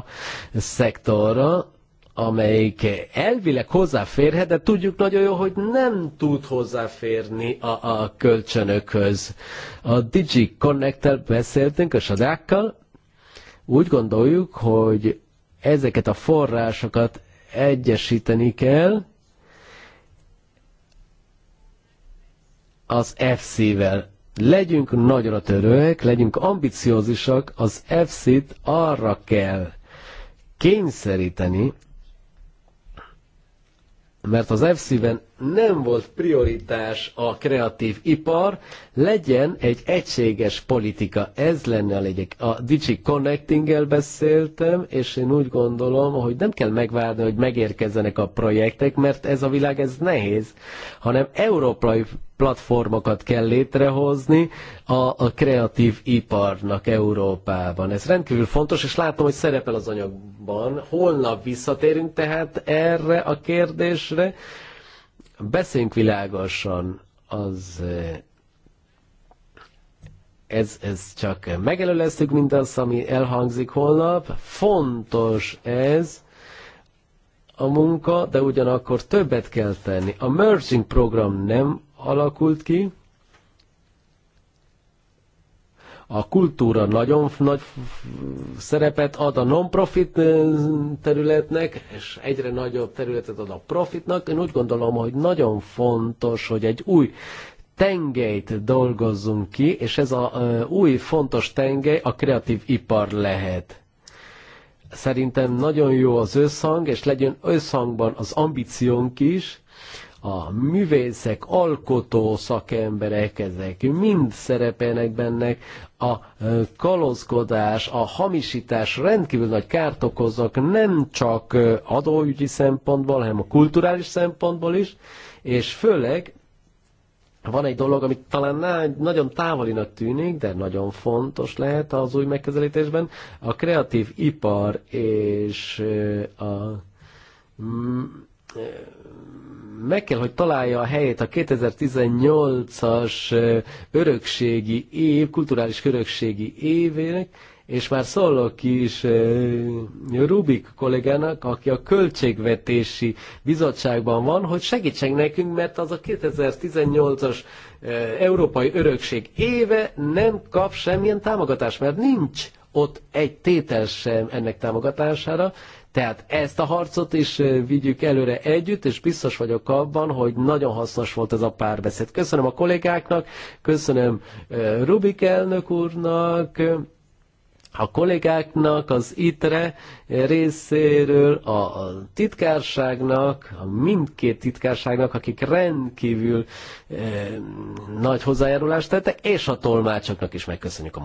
szektorra, amelyik elvileg hozzáférhet, de tudjuk nagyon jó, hogy nem tud hozzáférni a, a kölcsönökhöz. A Digi Connect-tel beszéltünk a sadákkal, úgy gondoljuk, hogy ezeket a forrásokat egyesíteni kell, az FC-vel. Legyünk nagyra törőek, legyünk ambiciózisak. az FC-t arra kell kényszeríteni, mert az FC-ben nem volt prioritás a kreatív ipar, legyen egy egységes politika. Ez lenne a lényeg. A Digi connecting beszéltem, és én úgy gondolom, hogy nem kell megvárni, hogy megérkezzenek a projektek, mert ez a világ, ez nehéz, hanem európai platformokat kell létrehozni a, a kreatív iparnak Európában. Ez rendkívül fontos, és látom, hogy szerepel az anyagban. Holnap visszatérünk tehát erre a kérdésre, Beszéljünk világosan, az eh, ez, ez csak megelőleztük az, ami elhangzik holnap. Fontos ez a munka, de ugyanakkor többet kell tenni. A merging program nem alakult ki, a kultúra nagyon nagy szerepet ad a non-profit területnek, és egyre nagyobb területet ad a profitnak. Én úgy gondolom, hogy nagyon fontos, hogy egy új tengelyt dolgozzunk ki, és ez a új fontos tengely a kreatív ipar lehet szerintem nagyon jó az összhang, és legyen összhangban az ambíciónk is, a művészek, alkotó szakemberek, ezek mind szerepelnek bennek, a kalózkodás, a hamisítás rendkívül nagy kárt okoznak, nem csak adóügyi szempontból, hanem a kulturális szempontból is, és főleg van egy dolog, amit talán nagyon távolinak tűnik, de nagyon fontos lehet az új megközelítésben, a kreatív ipar és a mm, meg kell, hogy találja a helyét a 2018-as örökségi év, kulturális örökségi évének, és már szólok is Rubik kollégának, aki a Költségvetési Bizottságban van, hogy segítsen nekünk, mert az a 2018-as Európai Örökség éve nem kap semmilyen támogatást, mert nincs ott egy tétel sem ennek támogatására, tehát ezt a harcot is vigyük előre együtt, és biztos vagyok abban, hogy nagyon hasznos volt ez a párbeszéd. Köszönöm a kollégáknak, köszönöm Rubik elnök úrnak, a kollégáknak, az ITRE részéről, a titkárságnak, a mindkét titkárságnak, akik rendkívül eh, nagy hozzájárulást tettek, és a tolmácsoknak is megköszönjük a